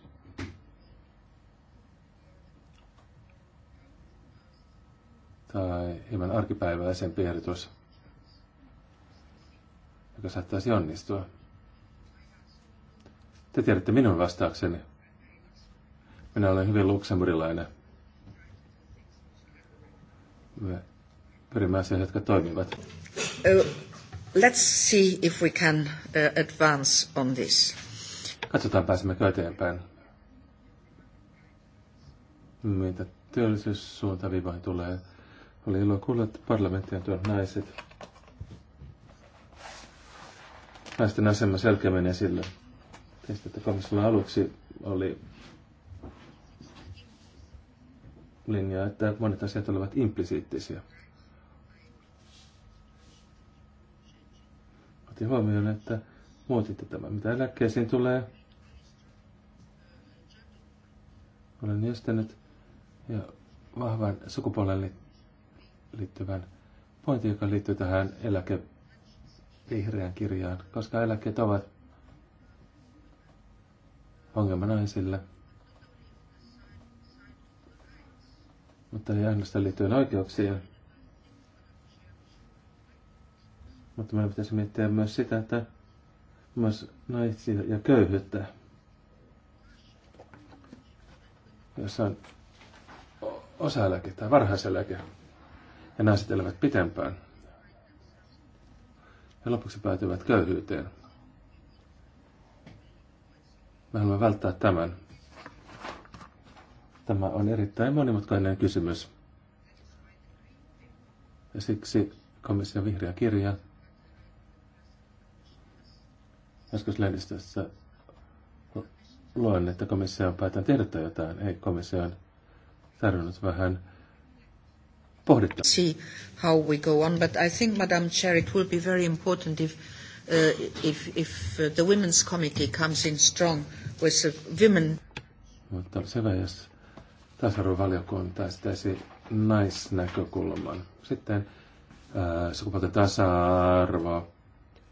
tai hieman arkipäiväisempi ehdotus, joka saattaisi onnistua. Te tiedätte minun vastaukseni. Minä olen hyvin luksemburilainen. Me pyrimme asioihin, jotka toimivat. Uh, let's see if we can uh, advance on this. Katsotaan, pääsemmekö eteenpäin. Mitä työllisyyssuuntaviivoihin tulee, oli ilo kuulla, että parlamentti on tuonut naiset. Naisten asema selkeämmin esille. Teistä, että komissiolla aluksi oli linja, että monet asiat olivat implisiittisiä. Otin huomioon, että muutitte tämän. Mitä eläkkeisiin tulee? Olen jästänyt ja vahvan sukupuolen liittyvän pointin, joka liittyy tähän eläkevihreän kirjaan, koska eläkkeet ovat ongelma naisille. Mutta ei ainoastaan liittyen oikeuksiin. Mutta meidän pitäisi miettiä myös sitä, että myös naisia ja köyhyyttä. Jos on osa-eläke tai varhaiseläke ja naiset elävät pitempään. Ja lopuksi päätyvät köyhyyteen. Me haluamme välttää tämän. Tämä on erittäin monimutkainen kysymys. Ja siksi komission vihreä kirja joskus lehdistössä luen, että komissio on päätänyt tehdä jotain. Ei, komissio on tarvinnut vähän pohdittu. See how we go on, but I think, Madam Chair, it will be very important if, uh, if, if uh, the Women's Committee comes in strong with the women. Mutta jos tasa-arvovaliokunta esittäisi naisnäkökulman. Sitten äh, sukupuolten tasa-arvo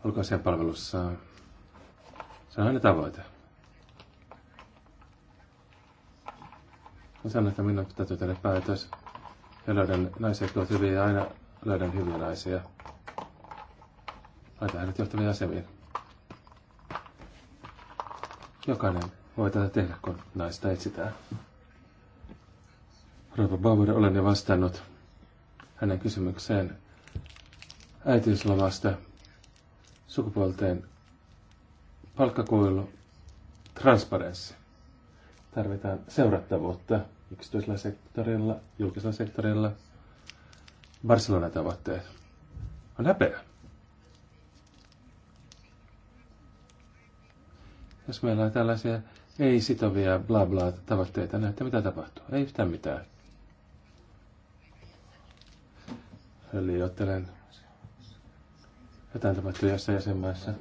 ulkoasian palvelussa. Se on aina tavoite. Mä sanon, että minun täytyy tehdä päätös ja löydän naisia, jotka ovat hyviä ja aina löydän hyviä naisia. Laitan hänet johtavia asemiin. Jokainen voi tätä tehdä, kun naista etsitään. Rova Bauer, olen jo vastannut hänen kysymykseen äitiyslomasta, sukupuolteen palkkakuilu, transparenssi. Tarvitaan seurattavuutta yksityisellä sektorilla, julkisella sektorilla. Barcelonan tavoitteet. On häpeä. Jos meillä on tällaisia ei-sitovia bla bla tavoitteita, näette mitä tapahtuu. Ei yhtään mitään. Eli ottelen jotain tapahtuu jossain jäsenmaissa.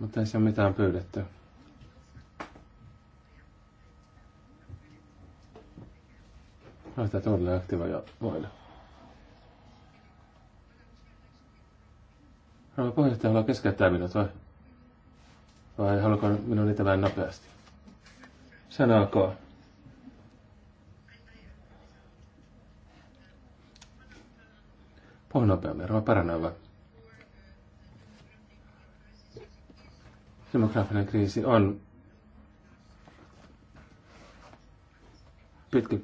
Mutta ei se ole mitään pyydetty. No, Laita tuolle aktivoida voida. Rouva että haluaa keskeyttää minut vai? Vai haluatko minun niitä vähän nopeasti? Sanoako? Puhu nopeammin, ruvaa rouva vai? Demografinen kriisi on pitkä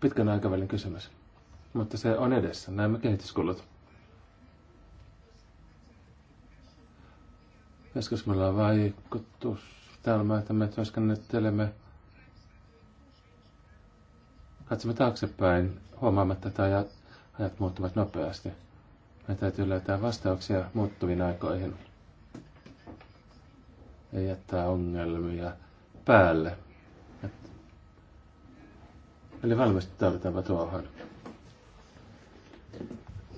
pitkän aikavälin kysymys. Mutta se on edessä. Näemme kehityskulut. Joskus meillä on vaikutus täällä, että me työskennettelemme, katsomme taaksepäin, huomaamatta, että ajat, ajat muuttuvat nopeasti. Me täytyy löytää vastauksia muuttuviin aikoihin. Ei jättää ongelmia päälle. Että Eli valmistaudutaan tuohon.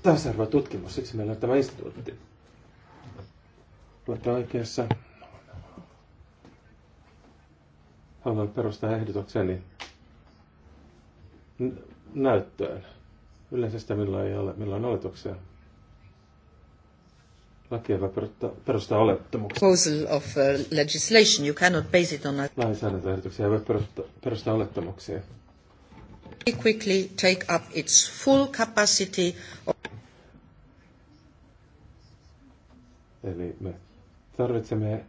Tässä on tutkimus, siksi meillä on tämä instituutti. Olette oikeassa. Haluan perustaa ehdotukseni näyttöön. Yleensä sitä milloin ei ole, milloin oletuksia. Lakia voi perustaa, perustaa of uh, legislation, you cannot base it on a... Lainsäädäntöehdotuksia ei voi perustaa olettamuksia quickly take up its full capacity of... Eli me tarvitsemme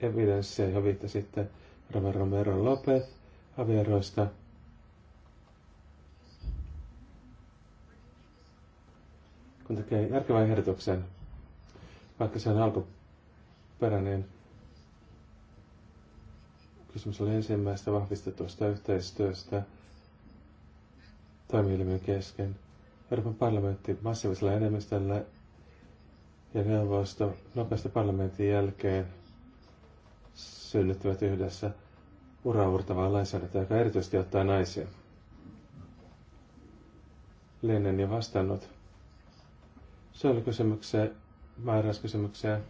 evidenssiä, johon viittasitte Rava Romero Lopez avieroista. Kun tekee järkevän ehdotuksen, vaikka se on alkuperäinen, kysymys oli ensimmäistä vahvistetusta yhteistyöstä – toimielimen kesken. Euroopan parlamentti massiivisella enemmistöllä ja neuvosto nopeasti parlamentin jälkeen synnyttävät yhdessä uraurtavaa lainsäädäntöä, joka erityisesti ottaa naisia. Lennen jo vastannut kysymyksiä, määräyskysymyksiä.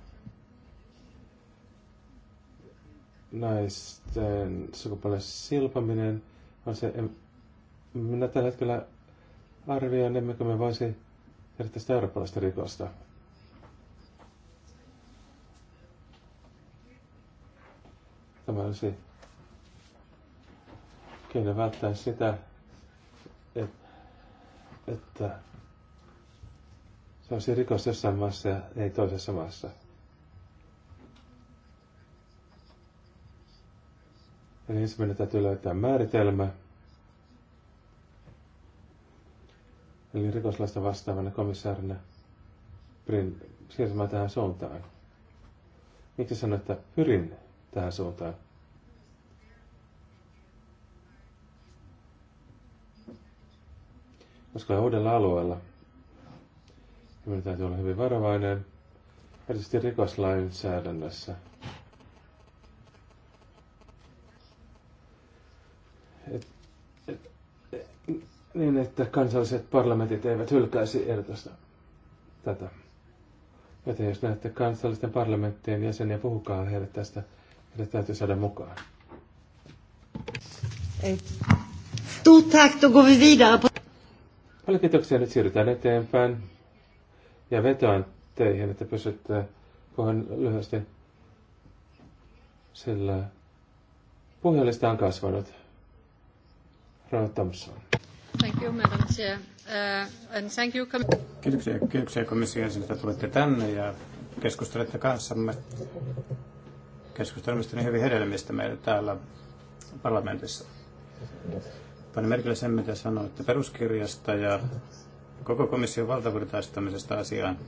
naisten sukupuolen silpaminen on se minä tällä hetkellä arvioin, emmekö me voisi tehdä tästä eurooppalaista rikosta. Tämä olisi keino välttää sitä, että, että se olisi rikos jossain maassa ja ei toisessa maassa. Eli ensimmäinen täytyy löytää määritelmä. eli rikoslaista vastaavana komissaarina pyrin siirtymään tähän suuntaan. Miksi sanoit, että pyrin tähän suuntaan? Koska olen uudella alueella, minun täytyy olla hyvin varovainen, erityisesti rikoslainsäädännössä. niin, että kansalliset parlamentit eivät hylkäisi ehdotusta tätä. Joten jos näette kansallisten parlamenttien jäseniä, puhukaa heille tästä. Heidät täytyy saada mukaan. Ei. Stort tack, vi Paljon kiitoksia, nyt siirrytään eteenpäin. Ja vetoan teihin, että pysytte puheen lyhyesti. Sillä puhujalista on kasvanut. Ronald Thompson you, Madam Chair. Uh, and thank you, kiitoksia, kiitoksia komission että tulette tänne ja keskustelette kanssamme. Keskustelemme niin hyvin hedelmistä meillä täällä parlamentissa. Panen merkille sen, mitä sanoitte peruskirjasta ja koko komission valtavirtaistamisesta asiaan.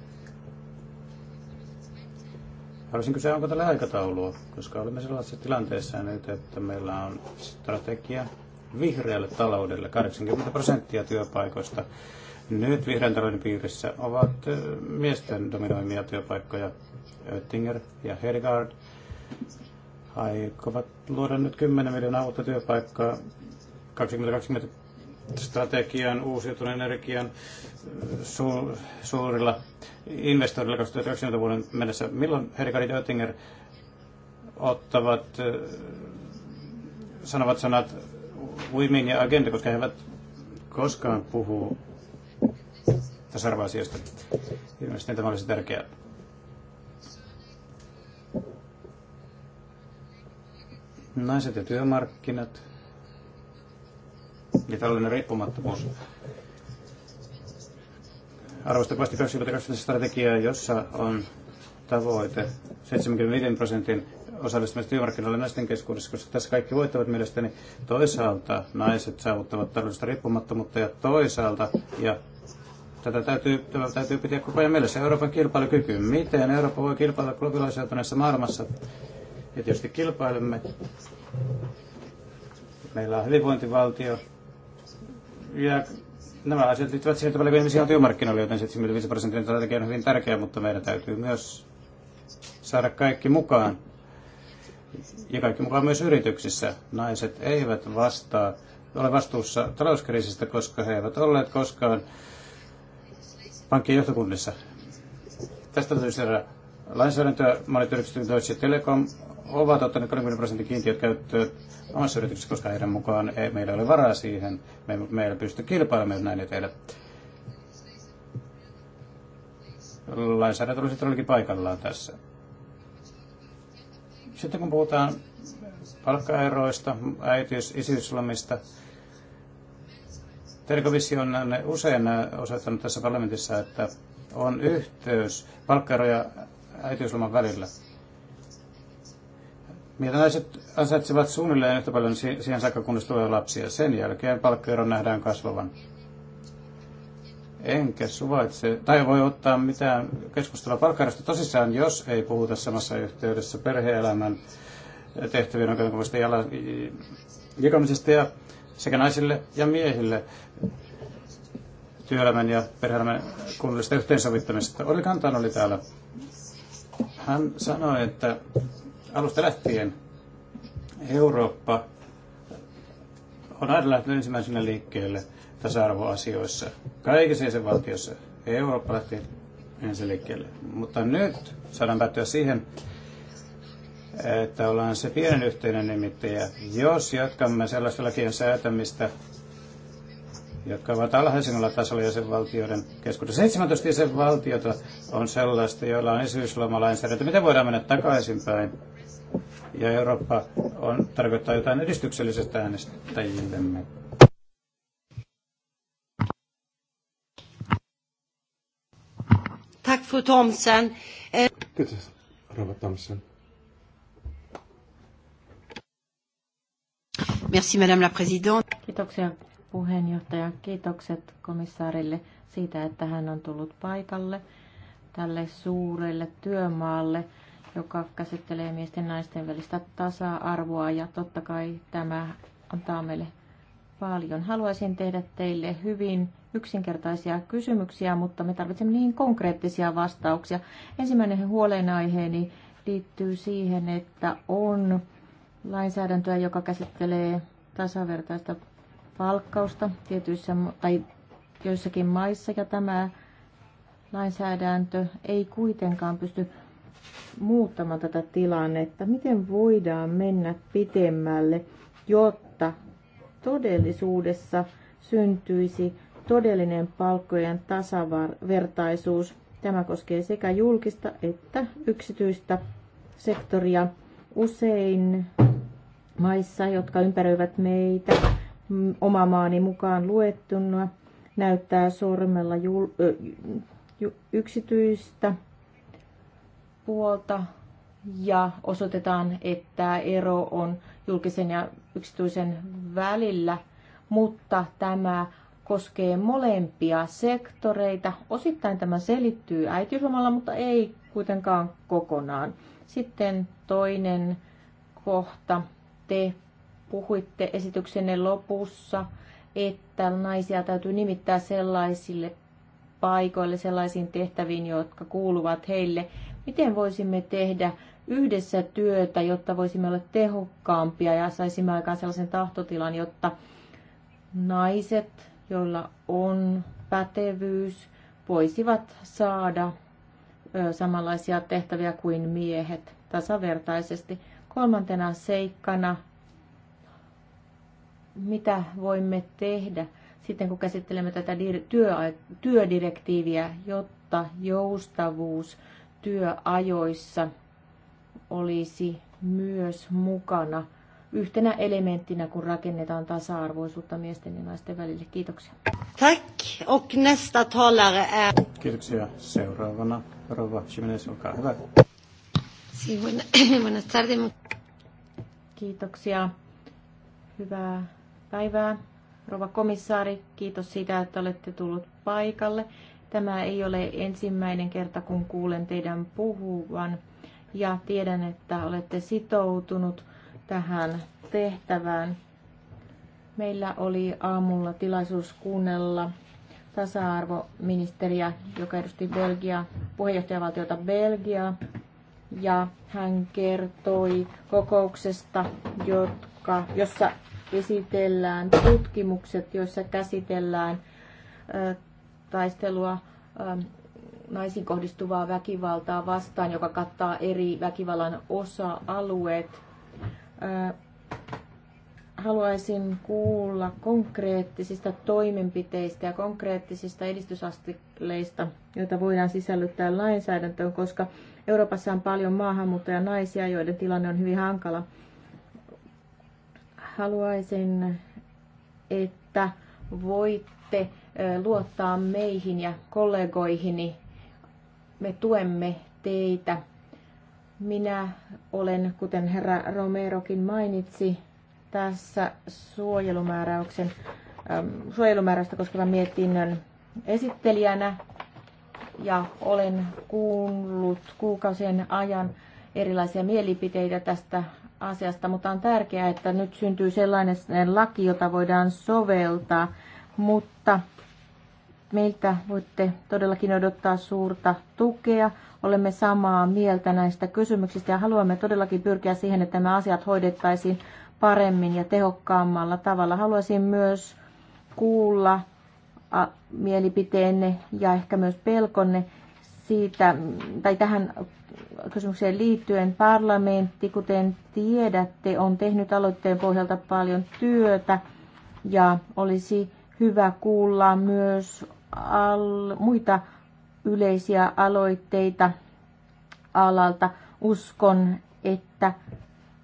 Haluaisin kysyä, onko tällä aikataulua, koska olemme sellaisessa tilanteessa nyt, että meillä on strategia, vihreälle taloudelle. 80 prosenttia työpaikoista nyt vihreän talouden piirissä ovat miesten dominoimia työpaikkoja. Oettinger ja Hedegaard aikovat luoda nyt 10 miljoonaa uutta työpaikkaa 2020 strategian, uusiutuneen energian su- suurilla investoinnilla 2020 vuoden mennessä. Milloin Hedegaard ja Oettinger ottavat sanovat sanat Women ja Agenda, koska he eivät koskaan puhu tasa-arvoasioista. Ilmeisesti tämä olisi tärkeää. Naiset ja työmarkkinat ja tällainen riippumattomuus. Arvostan kovasti 2020 strategiaa, jossa on tavoite 75 prosentin osallistumista työmarkkinoille naisten keskuudessa, koska tässä kaikki voittavat mielestäni. Toisaalta naiset saavuttavat taloudellista riippumattomuutta ja toisaalta, ja tätä täytyy, tätä täytyy pitää koko ajan mielessä, Euroopan kilpailukyky. Miten Eurooppa voi kilpailla globalisoituneessa maailmassa? Ja tietysti kilpailemme. Meillä on hyvinvointivaltio. Ja nämä asiat liittyvät siihen, että paljon ihmisiä on työmarkkinoilla, joten 75 prosenttia on hyvin tärkeää, mutta meidän täytyy myös saada kaikki mukaan ja kaikki mukaan myös yrityksissä naiset eivät vastaa, ole vastuussa talouskriisistä, koska he eivät olleet koskaan pankkien johtokunnissa. Tästä täytyy saada lainsäädäntöä. Monet yritykset Deutsche Telekom ovat ottaneet 30 prosentin kiintiöt käyttöön omassa yrityksessä, koska heidän mukaan ei, meillä ole varaa siihen. Me, meillä pystyy kilpailemaan näin etelä. Lainsäädäntö olisi todellakin paikallaan tässä. Sitten kun puhutaan palkkaeroista, äitiys- ja isyyslomista, Televisio on usein osoittanut tässä parlamentissa, että on yhteys palkkaeroja äitiysloman välillä. Mitä naiset ansaitsevat suunnilleen yhtä paljon siihen saakka, kunnes tulee lapsia. Sen jälkeen palkkaero nähdään kasvavan enkä suvaitse, tai voi ottaa mitään keskustella palkkaerosta tosissaan, jos ei puhuta samassa yhteydessä perhe-elämän tehtävien oikeudenkuvasta jakamisesta ja sekä naisille ja miehille työelämän ja perheelämän kunnallisesta yhteensovittamisesta. Oli Kantaan oli täällä. Hän sanoi, että alusta lähtien Eurooppa on aina lähtenyt ensimmäisenä liikkeelle – tasa-arvoasioissa kaikissa jäsenvaltioissa. Eurooppa lähti ensin liikkeelle. Mutta nyt saadaan päättyä siihen, että ollaan se pienen yhteinen nimittäjä. Jos jatkamme sellaista lakien säätämistä, jotka ovat alhaisimmalla tasolla jäsenvaltioiden keskuudessa. 17 jäsenvaltiota on sellaista, joilla on isyyslomalainsäädäntö. Miten voidaan mennä takaisinpäin? Ja Eurooppa on, tarkoittaa jotain edistyksellisestä äänestäjillemme. Tack fru Thomsen. Eh, Kiitos, rouva Thomsen. Merci madame la présidente. Kiitoksia puheenjohtaja. Kiitokset komissaarille siitä, että hän on tullut paikalle tälle suurelle työmaalle, joka käsittelee miesten ja naisten välistä tasa-arvoa ja totta kai tämä antaa meille paljon. Haluaisin tehdä teille hyvin yksinkertaisia kysymyksiä, mutta me tarvitsemme niihin konkreettisia vastauksia. Ensimmäinen huolenaiheeni liittyy siihen, että on lainsäädäntöä, joka käsittelee tasavertaista palkkausta tietyissä tai joissakin maissa, ja tämä lainsäädäntö ei kuitenkaan pysty muuttamaan tätä tilannetta. Miten voidaan mennä pitemmälle, jotta todellisuudessa syntyisi todellinen palkkojen tasavertaisuus. Tämä koskee sekä julkista että yksityistä sektoria. Usein maissa, jotka ympäröivät meitä, oma maani mukaan luettuna, näyttää sormella jul- ö, yksityistä puolta ja osoitetaan, että ero on julkisen ja yksityisen välillä, mutta tämä koskee molempia sektoreita. Osittain tämä selittyy äitiyslomalla, mutta ei kuitenkaan kokonaan. Sitten toinen kohta. Te puhuitte esityksenne lopussa, että naisia täytyy nimittää sellaisille paikoille, sellaisiin tehtäviin, jotka kuuluvat heille. Miten voisimme tehdä yhdessä työtä, jotta voisimme olla tehokkaampia ja saisimme aikaan sellaisen tahtotilan, jotta naiset joilla on pätevyys, voisivat saada samanlaisia tehtäviä kuin miehet tasavertaisesti. Kolmantena seikkana, mitä voimme tehdä sitten, kun käsittelemme tätä työdirektiiviä, jotta joustavuus työajoissa olisi myös mukana – yhtenä elementtinä, kun rakennetaan tasa-arvoisuutta miesten ja naisten välille. Kiitoksia. Tack. Och nästa talare är... Kiitoksia. Seuraavana Rova Jimenez, olkaa hyvä. Si, Kiitoksia. Hyvää päivää. Rova komissaari, kiitos siitä, että olette tullut paikalle. Tämä ei ole ensimmäinen kerta, kun kuulen teidän puhuvan ja tiedän, että olette sitoutunut – tähän tehtävään. Meillä oli aamulla tilaisuus kuunnella tasa-arvoministeriä, joka edusti Belgia, puheenjohtajavaltiota Belgia Ja hän kertoi kokouksesta, jotka, jossa esitellään tutkimukset, joissa käsitellään ö, taistelua ö, naisiin kohdistuvaa väkivaltaa vastaan, joka kattaa eri väkivallan osa-alueet haluaisin kuulla konkreettisista toimenpiteistä ja konkreettisista edistysastikleista, joita voidaan sisällyttää lainsäädäntöön, koska Euroopassa on paljon maahanmuuttajia, naisia, joiden tilanne on hyvin hankala. Haluaisin, että voitte luottaa meihin ja kollegoihini. Me tuemme teitä minä olen, kuten herra Romerokin mainitsi, tässä suojelumääräyksen, ähm, suojelumääräystä koskevan mietinnön esittelijänä ja olen kuullut kuukausien ajan erilaisia mielipiteitä tästä asiasta, mutta on tärkeää, että nyt syntyy sellainen laki, jota voidaan soveltaa, mutta meiltä voitte todellakin odottaa suurta tukea olemme samaa mieltä näistä kysymyksistä ja haluamme todellakin pyrkiä siihen, että nämä asiat hoidettaisiin paremmin ja tehokkaammalla tavalla. Haluaisin myös kuulla mielipiteenne ja ehkä myös pelkonne siitä, tai tähän kysymykseen liittyen parlamentti, kuten tiedätte, on tehnyt aloitteen pohjalta paljon työtä ja olisi hyvä kuulla myös al- muita yleisiä aloitteita alalta. Uskon, että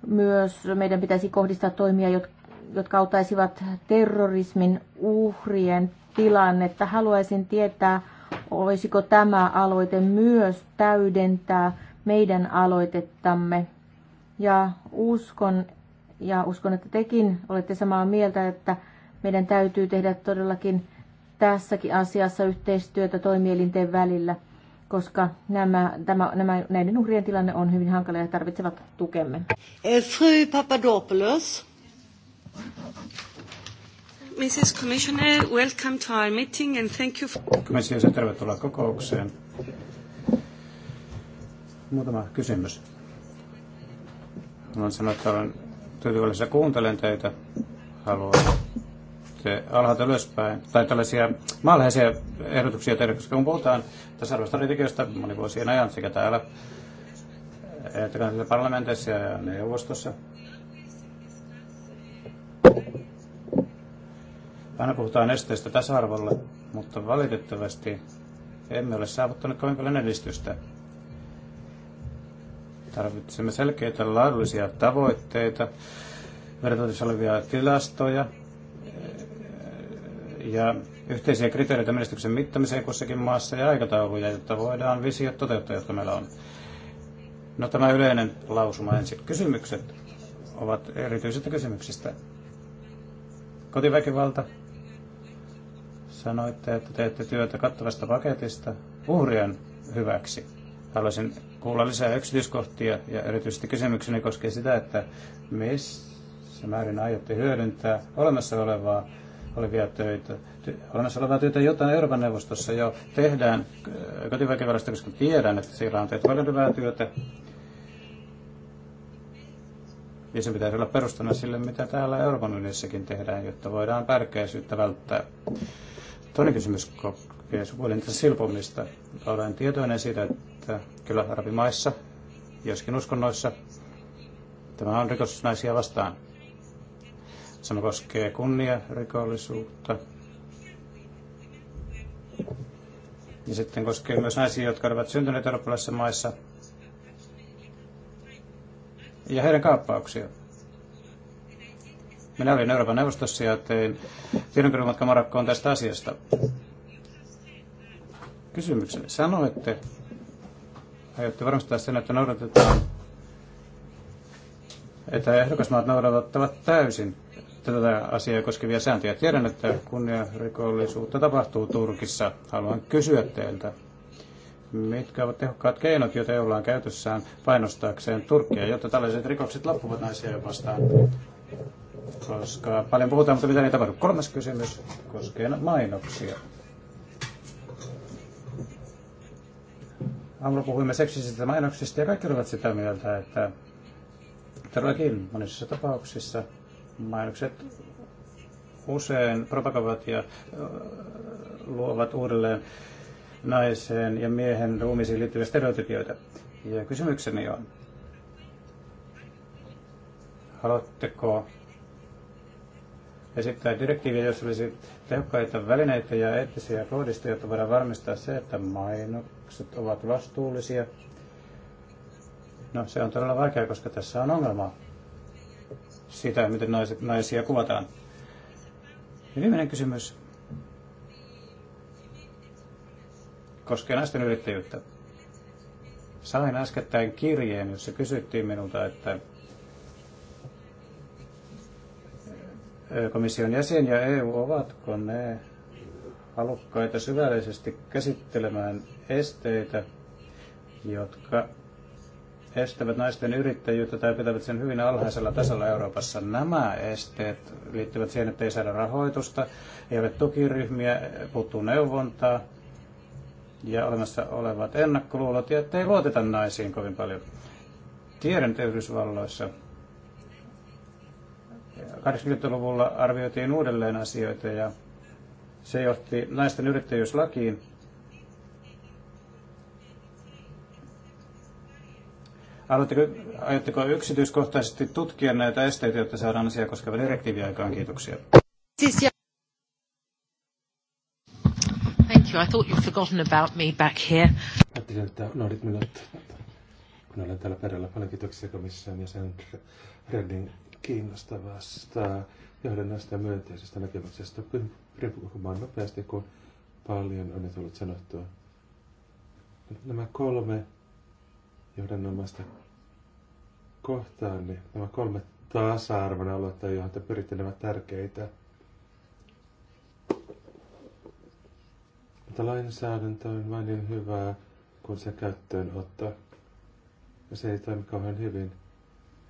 myös meidän pitäisi kohdistaa toimia, jotka auttaisivat terrorismin uhrien tilannetta. Haluaisin tietää, olisiko tämä aloite myös täydentää meidän aloitettamme. Ja uskon, ja uskon, että tekin olette samaa mieltä, että meidän täytyy tehdä todellakin tässäkin asiassa yhteistyötä toimielinten välillä, koska nämä, tämä, nämä, näiden uhrien tilanne on hyvin hankala ja tarvitsevat tukemme. Eh, fru Papadopoulos. Mrs. Commissioner, welcome to our meeting and thank you for... Komission tervetuloa kokoukseen. Muutama kysymys. Haluan sanoa, että olen tyytyväisenä kuuntelen teitä. Haluan sitten alhaalta ylöspäin, tai tällaisia maalaisia ehdotuksia tehdä, koska kun puhutaan tasa-arvoista tekijöistä monivuosien ajan sekä täällä eh, että kansallisessa parlamentissa ja neuvostossa, Aina puhutaan esteistä tasa-arvolle, mutta valitettavasti emme ole saavuttaneet kovin paljon edistystä. Tarvitsemme selkeitä laadullisia tavoitteita, vertailtavissa olevia tilastoja, ja yhteisiä kriteereitä menestyksen mittamiseen kussakin maassa ja aikatauluja, jotta voidaan visiot toteuttaa, jotka meillä on. No tämä yleinen lausuma ensin. Kysymykset ovat erityisistä kysymyksistä. Kotiväkivalta. Sanoitte, että teette työtä kattavasta paketista uhrien hyväksi. Haluaisin kuulla lisää yksityiskohtia ja erityisesti kysymykseni koskee sitä, että missä määrin aiotte hyödyntää olemassa olevaa olevia töitä, olemassa olevaa työtä, jota Euroopan neuvostossa jo tehdään äh, kotiväkivallasta, koska tiedän, että siellä on tehty paljon hyvää työtä. Ja se pitäisi olla perustana sille, mitä täällä Euroopan unionissakin tehdään, jotta voidaan pärkeisyyttä välttää. Toinen kysymys koskee sukuelinten silpomista. Olen tietoinen siitä, että kyllä arabimaissa, joskin uskonnoissa, tämä on rikos naisia vastaan. Sama koskee kunniarikollisuutta. Ja sitten koskee myös naisia, jotka olivat syntyneet eurooppalaisissa maissa. Ja heidän kaappauksia. Minä olin Euroopan neuvostossa ja tein tiedonkeruumatka Marokkoon tästä asiasta. Kysymykseni. Sanoitte, aiotte varmistaa sen, että noudatetaan, että ehdokasmaat noudattavat täysin tätä asiaa koskevia sääntöjä. Tiedän, että kunniarikollisuutta tapahtuu Turkissa. Haluan kysyä teiltä, mitkä ovat tehokkaat keinot, joita EUlla on käytössään painostaakseen Turkkia, jotta tällaiset rikokset loppuvat naisia jo vastaan? Koska paljon puhutaan, mutta mitä ei tapahdu. Kolmas kysymys koskee mainoksia. Aamulla puhuimme seksisistä mainoksista ja kaikki olivat sitä mieltä, että todellakin monissa tapauksissa Mainokset usein propagoivat ja luovat uudelleen naiseen ja miehen ruumiisiin liittyviä stereotypioita. Ja kysymykseni on, haluatteko esittää direktiiviä, jos olisi tehokkaita välineitä ja eettisiä koodista, jotta voidaan varmistaa se, että mainokset ovat vastuullisia. No se on todella vaikeaa, koska tässä on ongelmaa. Sitä miten naiset, naisia kuvataan. Ja viimeinen kysymys koskee naisten yrittäjyyttä. Sain äskettäin kirjeen, jossa kysyttiin minulta, että komission jäsen ja EU, ovatko ne halukkaita syvällisesti käsittelemään esteitä, jotka estävät naisten yrittäjyyttä tai pitävät sen hyvin alhaisella tasolla Euroopassa. Nämä esteet liittyvät siihen, että ei saada rahoitusta, ei ole tukiryhmiä, puuttuu neuvontaa ja olemassa olevat ennakkoluulot ja ettei luoteta naisiin kovin paljon. Tiedän, että Yhdysvalloissa 80-luvulla arvioitiin uudelleen asioita ja se johti naisten yrittäjyyslakiin, Aloitteko, aiotteko yksityiskohtaisesti tutkia näitä esteitä, jotta saadaan asiaa koskeva direktiivi aikaan? Kiitoksia. Siis ja... Thank you. I thought you'd forgotten about me back here. Ajattelin, että unohdit minut, kun olen täällä perällä. Paljon kiitoksia komission ja sen Reddin kiinnostavasta johdannaista ja myönteisestä näkemyksestä. Pyrin puhumaan nopeasti, kun paljon on nyt ollut sanottua. Nämä kolme johdannomaista kohtaan, niin nämä kolme tasa-arvon aluetta, johon te pyritte, nämä tärkeitä. Mutta lainsäädäntö on vain niin hyvää, kun se käyttöön ottaa. Ja se ei toimi kauhean hyvin,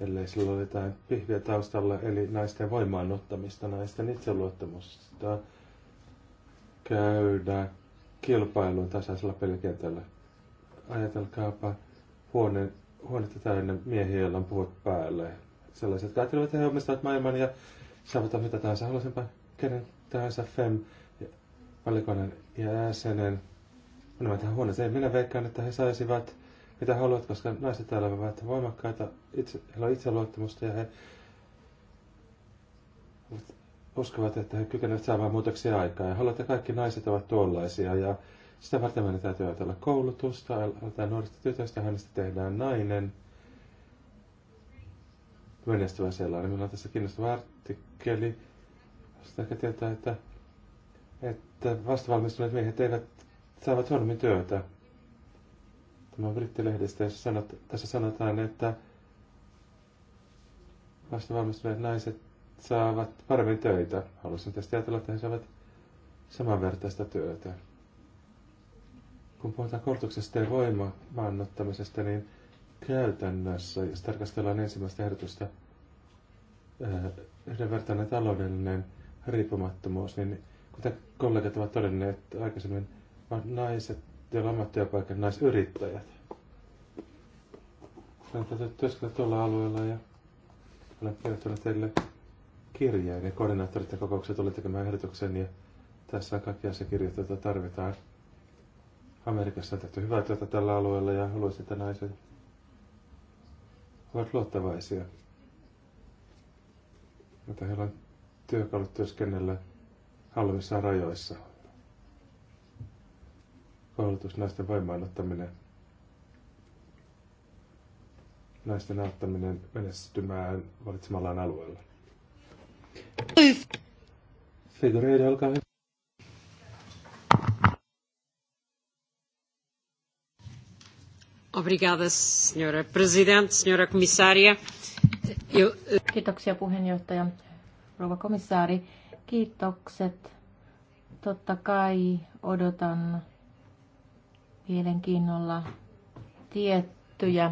ellei sillä ole jotain pihviä taustalla, eli naisten voimaanottamista, naisten itseluottamusta käydä kilpailuun tasaisella pelikentällä. Ajatelkaapa huone, huonetta täynnä miehiä, joilla on puvut päälle. Sellaiset, jotka ajattelevat, että he omistavat maailman ja saavutaan mitä tahansa. Haluaisinpa kenen tahansa fem ja valikoinen jäsenen. Nämä tähän huoneeseen. Minä veikkaan, että he saisivat mitä haluat, koska naiset täällä ovat voimakkaita, itse, heillä on itseluottamusta ja he uskovat, että he kykenevät saamaan muutoksia aikaa. Ja että kaikki naiset ovat tuollaisia ja sitä varten meidän täytyy ajatella koulutusta, aloitetaan nuorista tytöistä, hänestä tehdään nainen, menestyvä sellainen. Niin minulla on tässä kiinnostava artikkeli, josta tietää, että, että vastavalmistuneet miehet eivät saavat huonommin työtä. Tämä on brittilehdestä, jossa sanot, tässä sanotaan, että vastavalmistuneet naiset saavat paremmin töitä. Haluaisin tästä ajatella, että he saavat samanvertaista työtä kun puhutaan koulutuksesta ja voimaannuttamisesta, niin käytännössä, jos tarkastellaan ensimmäistä ehdotusta, äh, yhdenvertainen taloudellinen riippumattomuus, niin kuten kollegat ovat todenneet aikaisemmin, ovat naiset, joilla on työpaikan naisyrittäjät. Olen työskennellä tuolla alueella ja olen kirjoittanut teille kirjeen ja koordinaattorit ja kokoukset tuli tekemään ehdotuksen ja tässä on kaikki asiakirjat, joita tarvitaan Amerikassa on tehty hyvää työtä tällä alueella ja haluaisin, että naiset ovat luottavaisia. Mutta heillä on työkalut työskennellä halvissa rajoissa. Koulutus, naisten voimaanottaminen, naisten auttaminen menestymään valitsemallaan alueella. Figureiden, olkaa hyvä. Obrigada, senhora president, senhora eh, Kiitoksia puheenjohtaja, rouva komissaari. Kiitokset. Totta kai odotan mielenkiinnolla tiettyjä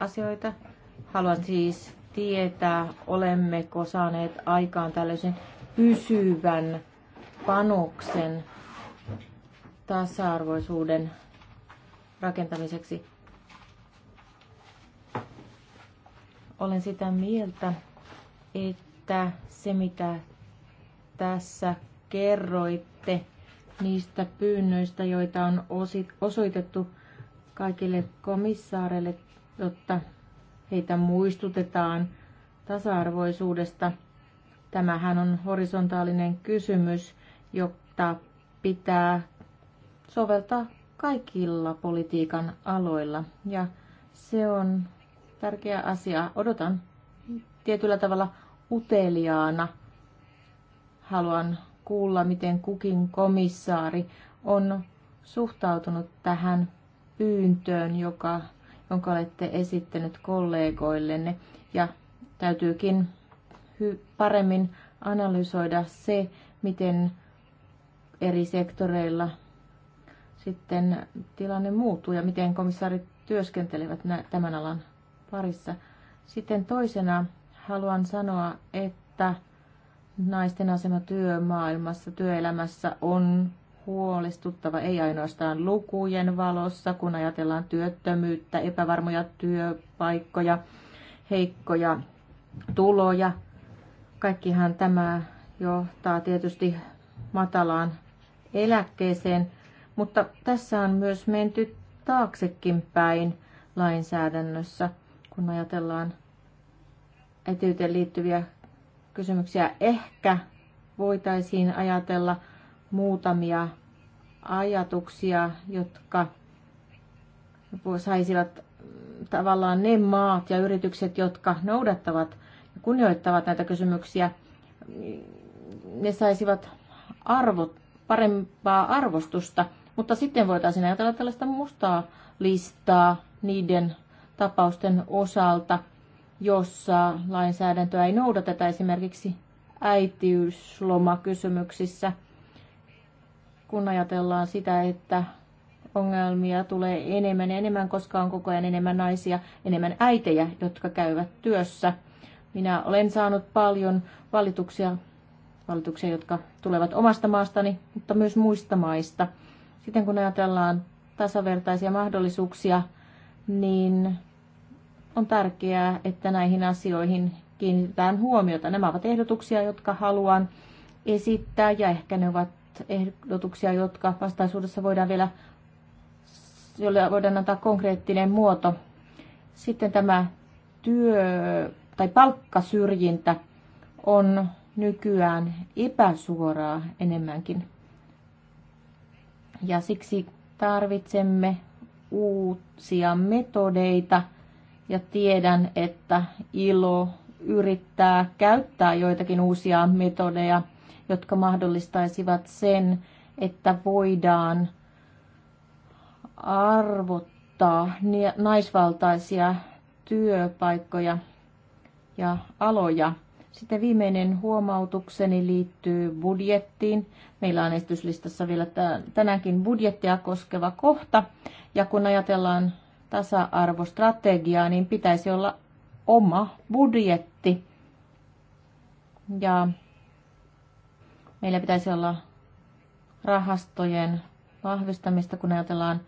asioita. Haluan siis tietää, olemmeko saaneet aikaan tällaisen pysyvän panoksen tasa-arvoisuuden rakentamiseksi. Olen sitä mieltä, että se mitä tässä kerroitte niistä pyynnöistä, joita on osoitettu kaikille komissaareille, jotta heitä muistutetaan tasa-arvoisuudesta. Tämähän on horisontaalinen kysymys, jota pitää soveltaa kaikilla politiikan aloilla. Ja se on tärkeä asia. Odotan tietyllä tavalla uteliaana. Haluan kuulla, miten kukin komissaari on suhtautunut tähän pyyntöön, joka, jonka olette esittänyt kollegoillenne. Ja täytyykin paremmin analysoida se, miten eri sektoreilla sitten tilanne muuttuu ja miten komissaarit työskentelevät tämän alan parissa. Sitten toisena haluan sanoa, että naisten asema työmaailmassa, työelämässä on huolestuttava, ei ainoastaan lukujen valossa, kun ajatellaan työttömyyttä, epävarmoja työpaikkoja, heikkoja tuloja. Kaikkihan tämä johtaa tietysti matalaan eläkkeeseen, mutta tässä on myös menty taaksekin päin lainsäädännössä, kun ajatellaan etiyteen liittyviä kysymyksiä. Ehkä voitaisiin ajatella muutamia ajatuksia, jotka saisivat tavallaan ne maat ja yritykset, jotka noudattavat ja kunnioittavat näitä kysymyksiä, ne saisivat arvot, parempaa arvostusta – mutta sitten voitaisiin ajatella tällaista mustaa listaa niiden tapausten osalta, jossa lainsäädäntöä ei noudateta esimerkiksi äitiyslomakysymyksissä, kun ajatellaan sitä, että ongelmia tulee enemmän ja enemmän, koska on koko ajan enemmän naisia, enemmän äitejä, jotka käyvät työssä. Minä olen saanut paljon valituksia, valituksia, jotka tulevat omasta maastani, mutta myös muista maista – sitten kun ajatellaan tasavertaisia mahdollisuuksia, niin on tärkeää, että näihin asioihin kiinnitetään huomiota. Nämä ovat ehdotuksia, jotka haluan esittää ja ehkä ne ovat ehdotuksia, jotka vastaisuudessa voidaan vielä, jolle voidaan antaa konkreettinen muoto. Sitten tämä työ tai palkkasyrjintä on nykyään epäsuoraa enemmänkin. Ja siksi tarvitsemme uusia metodeita ja tiedän, että ILO yrittää käyttää joitakin uusia metodeja, jotka mahdollistaisivat sen, että voidaan arvottaa naisvaltaisia työpaikkoja ja aloja sitten viimeinen huomautukseni liittyy budjettiin. Meillä on esityslistassa vielä tänäänkin budjettia koskeva kohta. Ja kun ajatellaan tasa-arvostrategiaa, niin pitäisi olla oma budjetti. Ja meillä pitäisi olla rahastojen vahvistamista, kun ajatellaan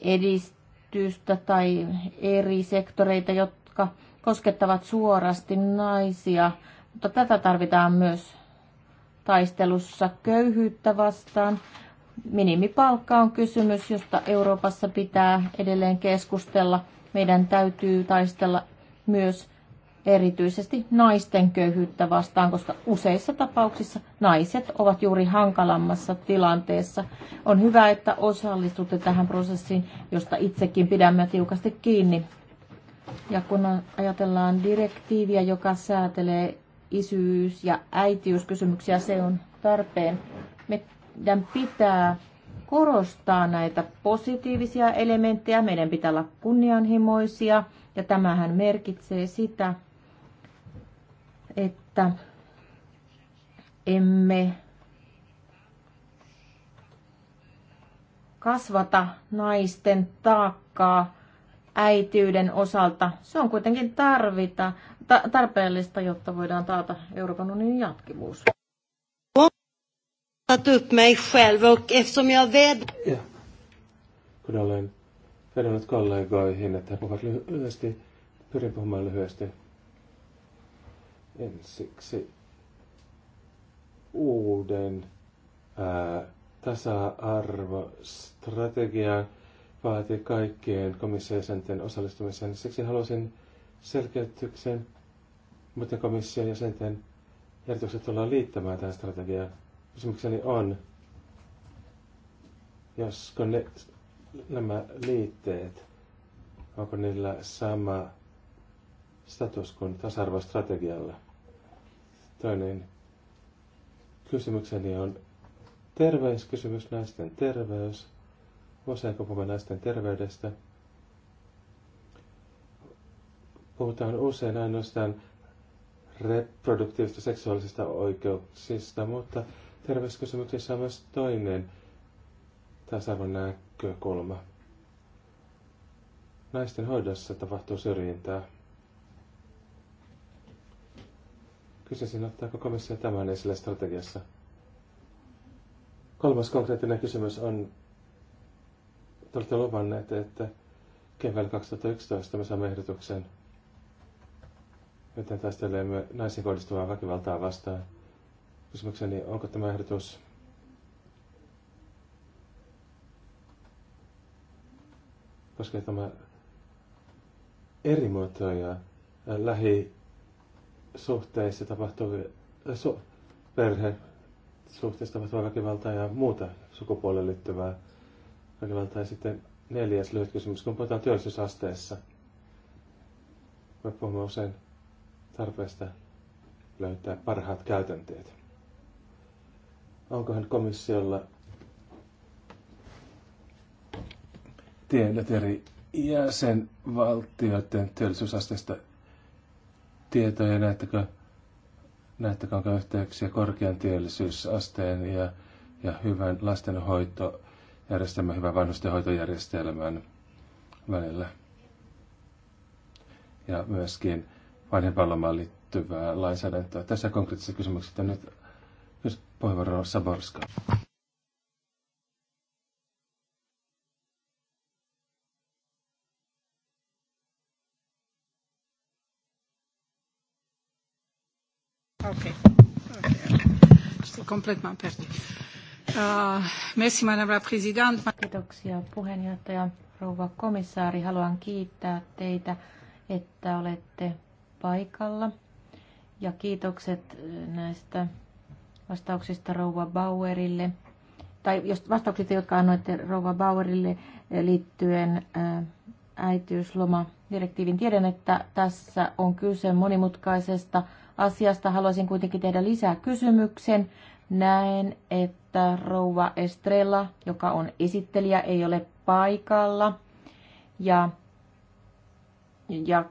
edistystä tai eri sektoreita, jotka koskettavat suorasti naisia, mutta tätä tarvitaan myös taistelussa köyhyyttä vastaan. Minimipalkka on kysymys, josta Euroopassa pitää edelleen keskustella. Meidän täytyy taistella myös erityisesti naisten köyhyyttä vastaan, koska useissa tapauksissa naiset ovat juuri hankalammassa tilanteessa. On hyvä, että osallistutte tähän prosessiin, josta itsekin pidämme tiukasti kiinni. Ja kun ajatellaan direktiiviä, joka säätelee isyys- ja äitiyskysymyksiä, se on tarpeen. Meidän pitää korostaa näitä positiivisia elementtejä, meidän pitää olla kunnianhimoisia ja tämähän merkitsee sitä, että emme kasvata naisten taakkaa äitiyden osalta. Se on kuitenkin tarvita, ta- tarpeellista, jotta voidaan taata Euroopan unionin jatkuvuus. ved... Kun olen vedonnut kollegoihin, että he puhuvat lyhyesti, pyrin puhumaan lyhyesti. Ensiksi uuden ää, tasa-arvostrategian vaati kaikkien komissiojäsenten jäsenten osallistumisen. Siksi haluaisin selkeytyksen muiden komission jäsenten ehdotukset tullaan liittämään tähän strategiaan. Kysymykseni on, josko ne, nämä liitteet, onko niillä sama status kuin tasa-arvostrategialla? Toinen kysymykseni on terveyskysymys, naisten terveys – Usein kun naisten terveydestä, puhutaan usein ainoastaan reproduktiivista seksuaalisista oikeuksista, mutta terveyskysymyksissä on myös toinen tasa-arvon näkökulma. Naisten hoidossa tapahtuu syrjintää. Kysyisin, ottaako komissio tämän esille strategiassa. Kolmas konkreettinen kysymys on te olette luvanneet, että keväällä 2011 me saamme ehdotuksen, miten taistelemme naisiin kohdistuvaa väkivaltaa vastaan. Kysymykseni, onko tämä ehdotus koskee tämä eri muotoja äh, lähisuhteissa tapahtuvia, äh, su, perhesuhteissa tapahtuvaa väkivaltaa ja muuta sukupuolelle liittyvää tai sitten neljäs lyhyt kysymys, kun puhutaan työllisyysasteessa. Me puhumme usein tarpeesta löytää parhaat käytänteet. Onkohan komissiolla tiedot eri jäsenvaltioiden työllisyysasteesta tietoja? Näettekö, näettekö onko yhteyksiä korkean työllisyysasteen ja, ja hyvän lastenhoito järjestämme hyvän vanhustenhoitojärjestelmän välillä. Ja myöskin vanhempainlomaan liittyvää lainsäädäntöä. Tässä konkreettisessa kysymyksessä nyt myös puheenvuoro Saborska. Okay. okay. J'étais complètement perdue. Uh, merci, Madame la Présidente. Kiitoksia puheenjohtaja, rouva komissaari. Haluan kiittää teitä, että olette paikalla. Ja kiitokset eh, näistä vastauksista rouva Bauerille, tai jos vastauksista, jotka annoitte rouva Bauerille eh, liittyen eh, äitiysloma direktiivin. Tiedän, että tässä on kyse monimutkaisesta asiasta. Haluaisin kuitenkin tehdä lisää kysymyksen. Näen, että rouva Estrella, joka on esittelijä, ei ole paikalla. Ja, ja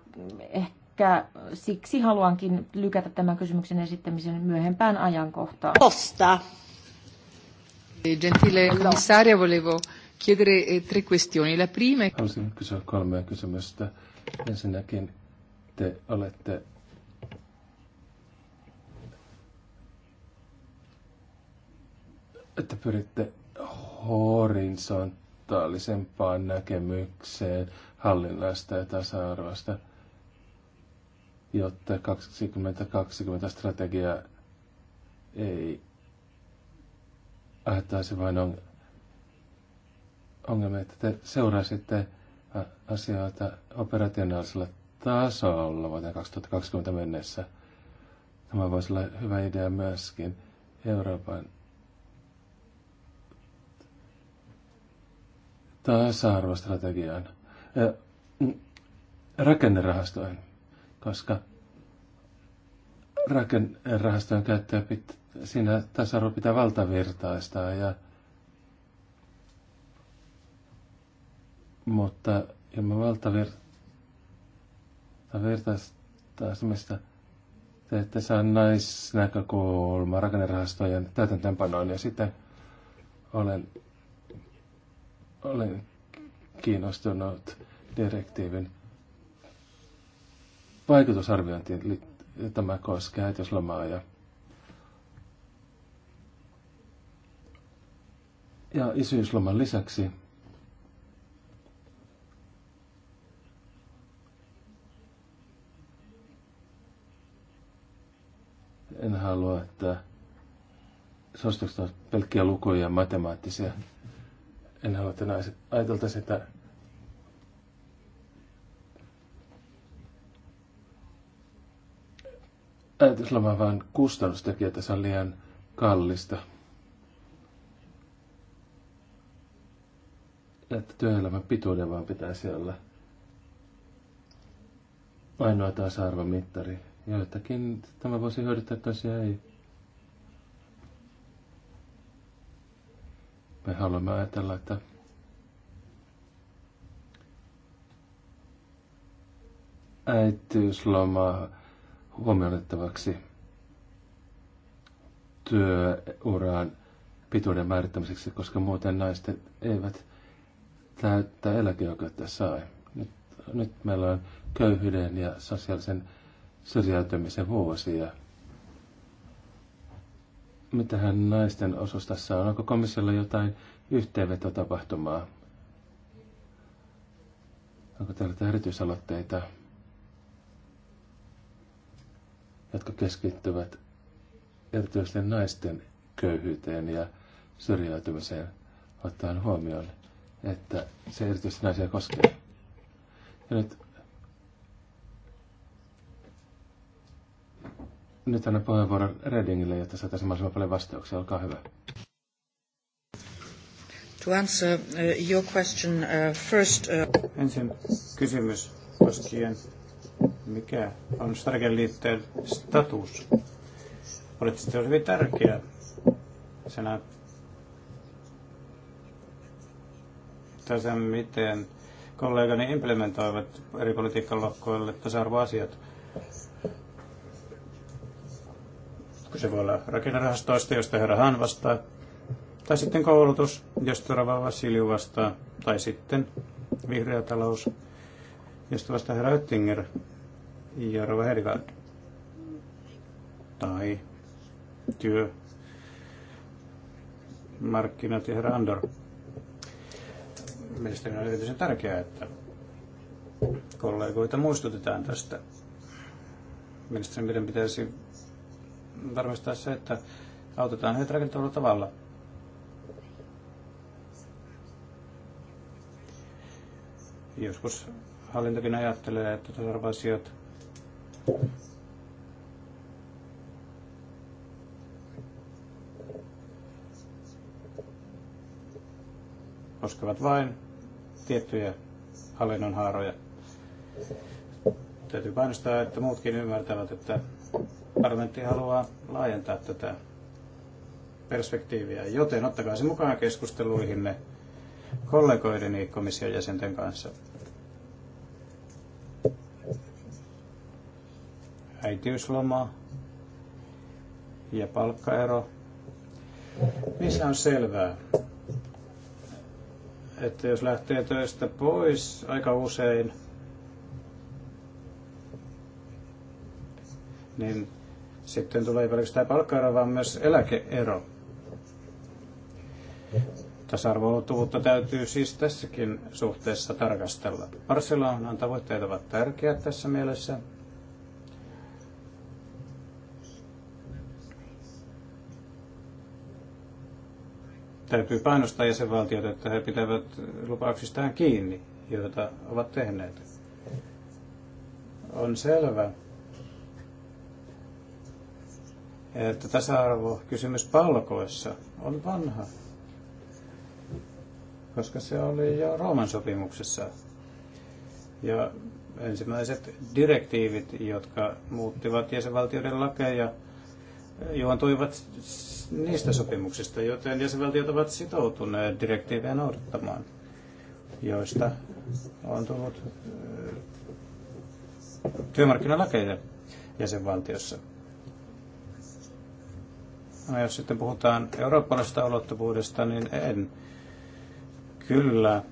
ehkä siksi haluankin lykätä tämän kysymyksen esittämisen myöhempään ajankohtaan. Posta. Gentile commissario, volevo chiedere eh, tre questioni. La prima... Haluaisin kysyä kolmea kysymystä. Ensinnäkin te olette että pyritte horisontaalisempaan näkemykseen hallinnasta ja tasa-arvosta, jotta 2020 strategia ei aiheuttaisi vain ongelmia, että te seuraisitte asioita operationaalisella tasolla vuoteen 2020 mennessä. Tämä voisi olla hyvä idea myöskin Euroopan tasa-arvostrategiaan, mm, rakennerahastoihin, koska rakennerahastojen käyttöä pit, siinä tasa-arvo pitää valtavirtaistaa ja mutta ilman valtavirtaistamista te ette saa naisnäkökulmaa rakennerahastojen täytäntöönpanoon ja sitten olen olen kiinnostunut direktiivin vaikutusarviointiin. Tämä koskee äitiyslomaa ja ja isyysloman lisäksi en halua, että suositukset ovat pelkkiä lukuja ja matemaattisia en halua, että naiset että sitä. Äitisloma vain kustannustekijä, se on liian kallista. Että työelämän pituuden vaan pitäisi olla ainoa tasa-arvomittari. Joitakin tämä voisi hyödyttää, toisia ei. Me haluamme ajatella, että äitiysloma huomioitettavaksi työuraan pituuden määrittämiseksi, koska muuten naiset eivät täyttää eläkeoikeutta saa. Nyt, nyt meillä on köyhyyden ja sosiaalisen syrjäytymisen vuosia. Mitähän naisten osastossa on? Onko komissiolla jotain yhteenvetotapahtumaa? Onko teillä erityisaloitteita, jotka keskittyvät erityisesti naisten köyhyyteen ja syrjäytymiseen, ottaen huomioon, että se erityisesti naisia koskee? Ja nyt Nyt annan puheenvuoron Redingille, jotta saataisiin mahdollisimman paljon vastauksia. Olkaa hyvä. To answer uh, your question uh, first... Uh, Ensin kysymys koskien, mikä on strategian liitteen status. Olet sitten hyvin tärkeä senä tässä, miten kollegani implementoivat eri politiikan lohkoille tasa-arvoasiat. Se voi olla rakennerahastoista, josta herra Han vastaa, tai sitten koulutus, josta Rava Vasilju vastaa, tai sitten vihreä talous, josta vastaa herra Oettinger ja Rava Helgaard, tai työ, markkinat ja herra Andor. Mielestäni on erityisen tärkeää, että kollegoita muistutetaan tästä. Mielestäni meidän pitäisi varmistaa se, että autetaan heitä rakentavalla tavalla. Joskus hallintokin ajattelee, että tasa-arvoasiat koskevat vain tiettyjä hallinnon haaroja. Täytyy painostaa, että muutkin ymmärtävät, että Parlamentti haluaa laajentaa tätä perspektiiviä, joten ottakaa se mukaan keskusteluihinne kollegoideni komission jäsenten kanssa. Äitiysloma ja palkkaero. Missä on selvää, että jos lähtee töistä pois aika usein, niin sitten tulee pelkästään palkkaero, vaan myös eläkeero. Tasa-arvoulottuvuutta täytyy siis tässäkin suhteessa tarkastella. Barcelonan tavoitteet ovat tärkeät tässä mielessä. Täytyy painostaa jäsenvaltiota, että he pitävät lupauksistaan kiinni, joita ovat tehneet. On selvä, että tasa-arvo kysymys palkoissa on vanha, koska se oli jo Rooman sopimuksessa. Ja ensimmäiset direktiivit, jotka muuttivat jäsenvaltioiden lakeja, eh, juontuivat niistä sopimuksista, joten jäsenvaltiot ovat sitoutuneet direktiivejä noudattamaan, joista on tullut eh, työmarkkinalakeja jäsenvaltiossa. No jos sitten puhutaan eurooppalaisesta ulottuvuudesta, niin en. Kyllä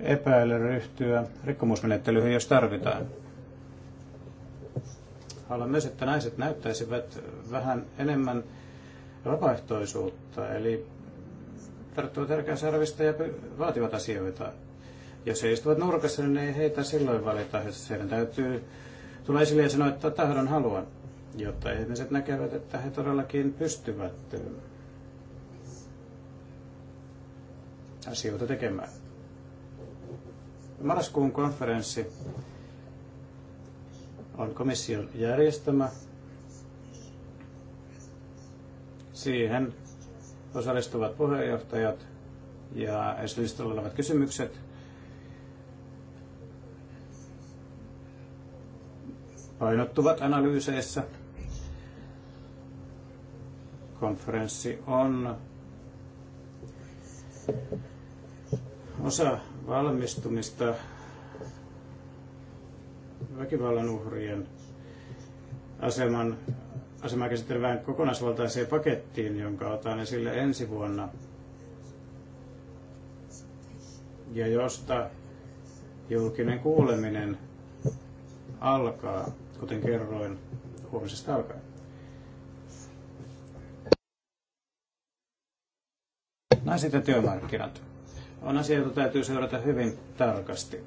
epäillä ryhtyä rikkomusmenettelyihin, jos tarvitaan. Haluan myös, että naiset näyttäisivät vähän enemmän vapaaehtoisuutta, eli tarttuvat sarvista ja vaativat asioita. Jos he istuvat nurkassa, niin ei heitä silloin valita. Heidän täytyy tulla esille ja sanoa, että tahdon haluan jotta ihmiset näkevät, että he todellakin pystyvät asioita tekemään. Marraskuun konferenssi on komission järjestämä. Siihen osallistuvat puheenjohtajat ja esilistalla olevat kysymykset. Painottuvat analyyseissä konferenssi on osa valmistumista väkivallan uhrien aseman, asemaa käsittelevään kokonaisvaltaiseen pakettiin, jonka otan esille ensi vuonna. Ja josta julkinen kuuleminen alkaa, kuten kerroin, huomisesta alkaen. Naiset ja työmarkkinat on asia, jota täytyy seurata hyvin tarkasti.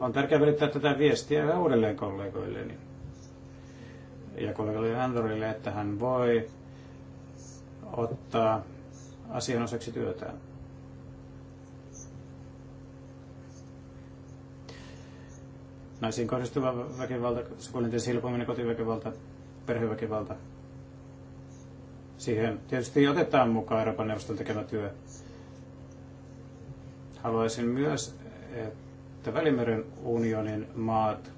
On tärkeää välittää tätä viestiä uudelleen kollegoilleni ja kollegalle Andorille, että hän voi ottaa asian osaksi työtään. Naisiin kohdistuva väkivalta, sukuelinten silpominen, kotiväkivalta, perheväkivalta, Siihen tietysti otetaan mukaan Euroopan neuvoston tekemä työ. Haluaisin myös, että Välimeren unionin maat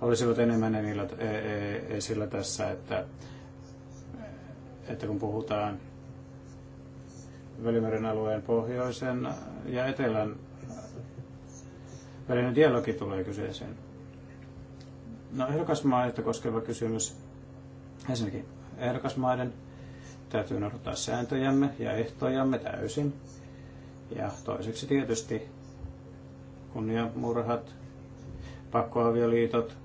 olisivat enemmän e, e, esillä tässä, että, että kun puhutaan Välimeren alueen pohjoisen ja etelän välinen dialogi tulee kyseeseen. No ehdokasmaita koskeva kysymys. Ensinnäkin ehdokasmaiden täytyy noudattaa sääntöjämme ja ehtojamme täysin. Ja toiseksi tietysti kunniamurhat, pakkoavioliitot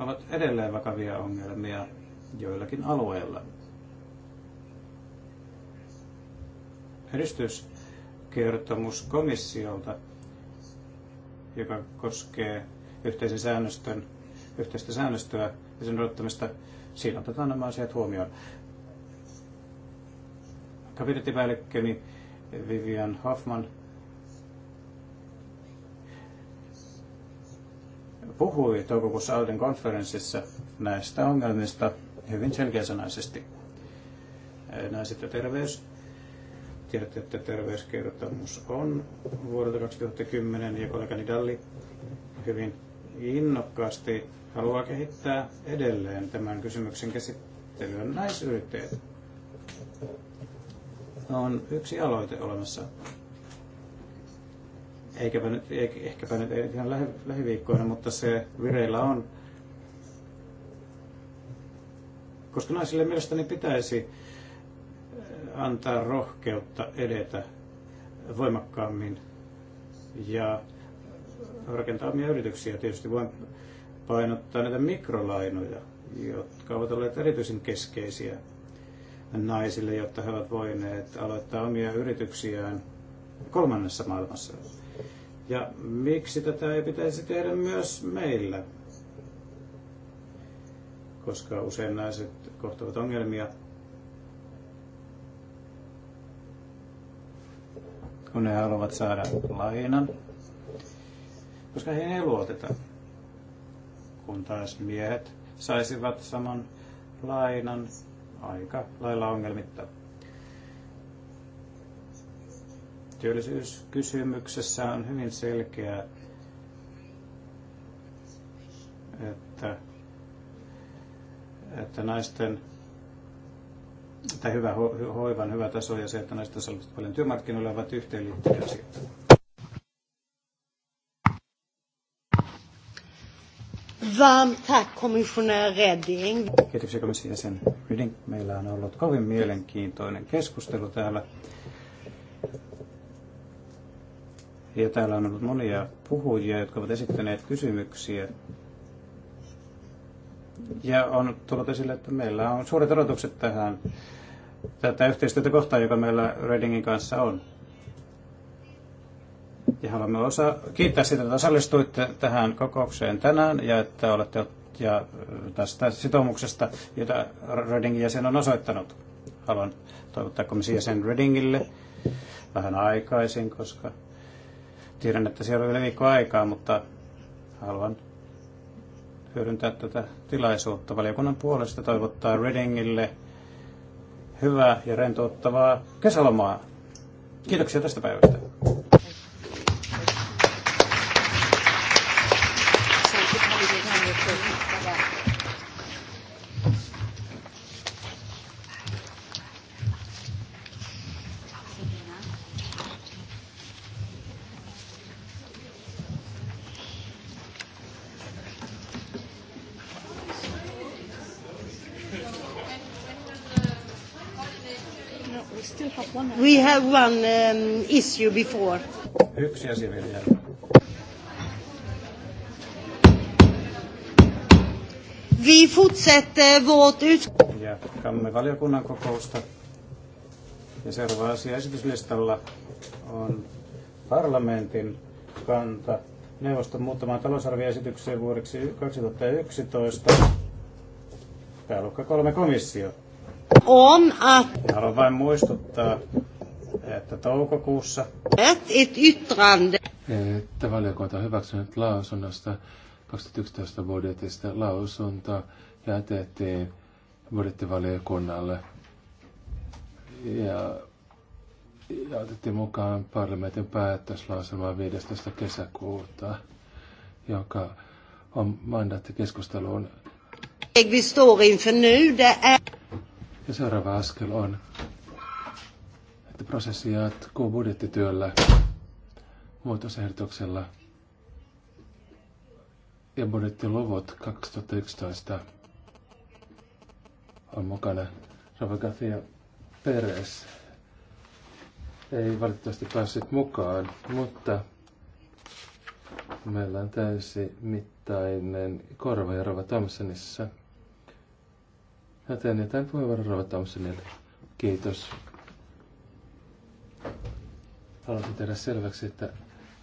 ovat edelleen vakavia ongelmia joillakin alueilla. Edistyskertomus komissiolta, joka koskee yhteisen säännöstön, yhteistä säännöstöä ja sen odottamista, siinä otetaan nämä asiat huomioon. Kabinettipäällikköni niin Vivian Hoffman puhui toukokuussa Alden konferenssissa näistä ongelmista hyvin selkeäsanaisesti. Naiset ja terveys. Tiedätte, että terveyskertomus on vuodelta 2010 ja kollegani Dalli hyvin innokkaasti haluaa kehittää edelleen tämän kysymyksen käsittelyä. Naisyrittäjät on yksi aloite olemassa. Eikäpä nyt, ehkäpä nyt ei ihan lähi, lähiviikkoina, mutta se vireillä on. Koska naisille mielestäni pitäisi äh, antaa rohkeutta edetä voimakkaammin ja rakentaa omia yrityksiä. Tietysti voin painottaa näitä mikrolainoja, jotka ovat olleet erityisen keskeisiä naisille, jotta he ovat voineet aloittaa omia yrityksiään kolmannessa maailmassa. Ja miksi tätä ei pitäisi tehdä myös meillä? Koska usein naiset kohtavat ongelmia kun ne haluavat saada lainan koska heihin ei luoteta. Kun taas miehet saisivat saman lainan aika lailla ongelmitta. Työllisyyskysymyksessä on hyvin selkeää, että, että naisten että hyvä ho- hoivan hyvä taso ja se, että naiset osallistuvat paljon työmarkkinoilla ovat yhteenliittyviä asioita. Varmt tack kommissionär Redding. Kiitoksia komissio sen Redding. Meillä on ollut kovin mielenkiintoinen keskustelu täällä. Ja täällä on ollut monia puhujia, jotka ovat esittäneet kysymyksiä. Ja on tullut esille, että meillä on suuret odotukset tähän tätä yhteistyötä kohtaan, joka meillä Readingin kanssa on. Ja haluamme osa- kiittää siitä, että osallistuitte tähän kokoukseen tänään ja että olette ja tästä sitoumuksesta, jota Redingin jäsen on osoittanut. Haluan toivottaa komission jäsen Redingille vähän aikaisin, koska tiedän, että siellä on vielä viikko aikaa, mutta haluan hyödyntää tätä tilaisuutta valiokunnan puolesta toivottaa Redingille hyvää ja rentouttavaa kesälomaa. Kiitoksia tästä päivästä. issue before. Yksi asia vielä Vi fortsätter vårt ut... Jatkamme valiokunnan kokousta. Ja seuraava asia esityslistalla on parlamentin kanta neuvoston muuttamaan talousarvioesitykseen vuodeksi 2011. Pääluokka kolme komissio. On. Haluan vain muistuttaa, että toukokuussa Et et yttrande. että valiokunta on hyväksynyt lausunnosta 2011 budjetista lausunta jätettiin budjettivaliokunnalle ja, ja otettiin mukaan parlamentin päätöslauselma 15. kesäkuuta, joka on mandaatti keskusteluun. Ja seuraava askel on Budjettiprosessi jatkuu budjettityöllä, muutosehdotuksella ja budjettiluvut 2011 on mukana. Ravagafia Peres ei valitettavasti päässyt mukaan, mutta meillä on täysi mittainen korva ja Rova Thompsonissa. Joten jätän puheenvuoron Rova Thompsonille. Kiitos. Haluaisin tehdä selväksi, että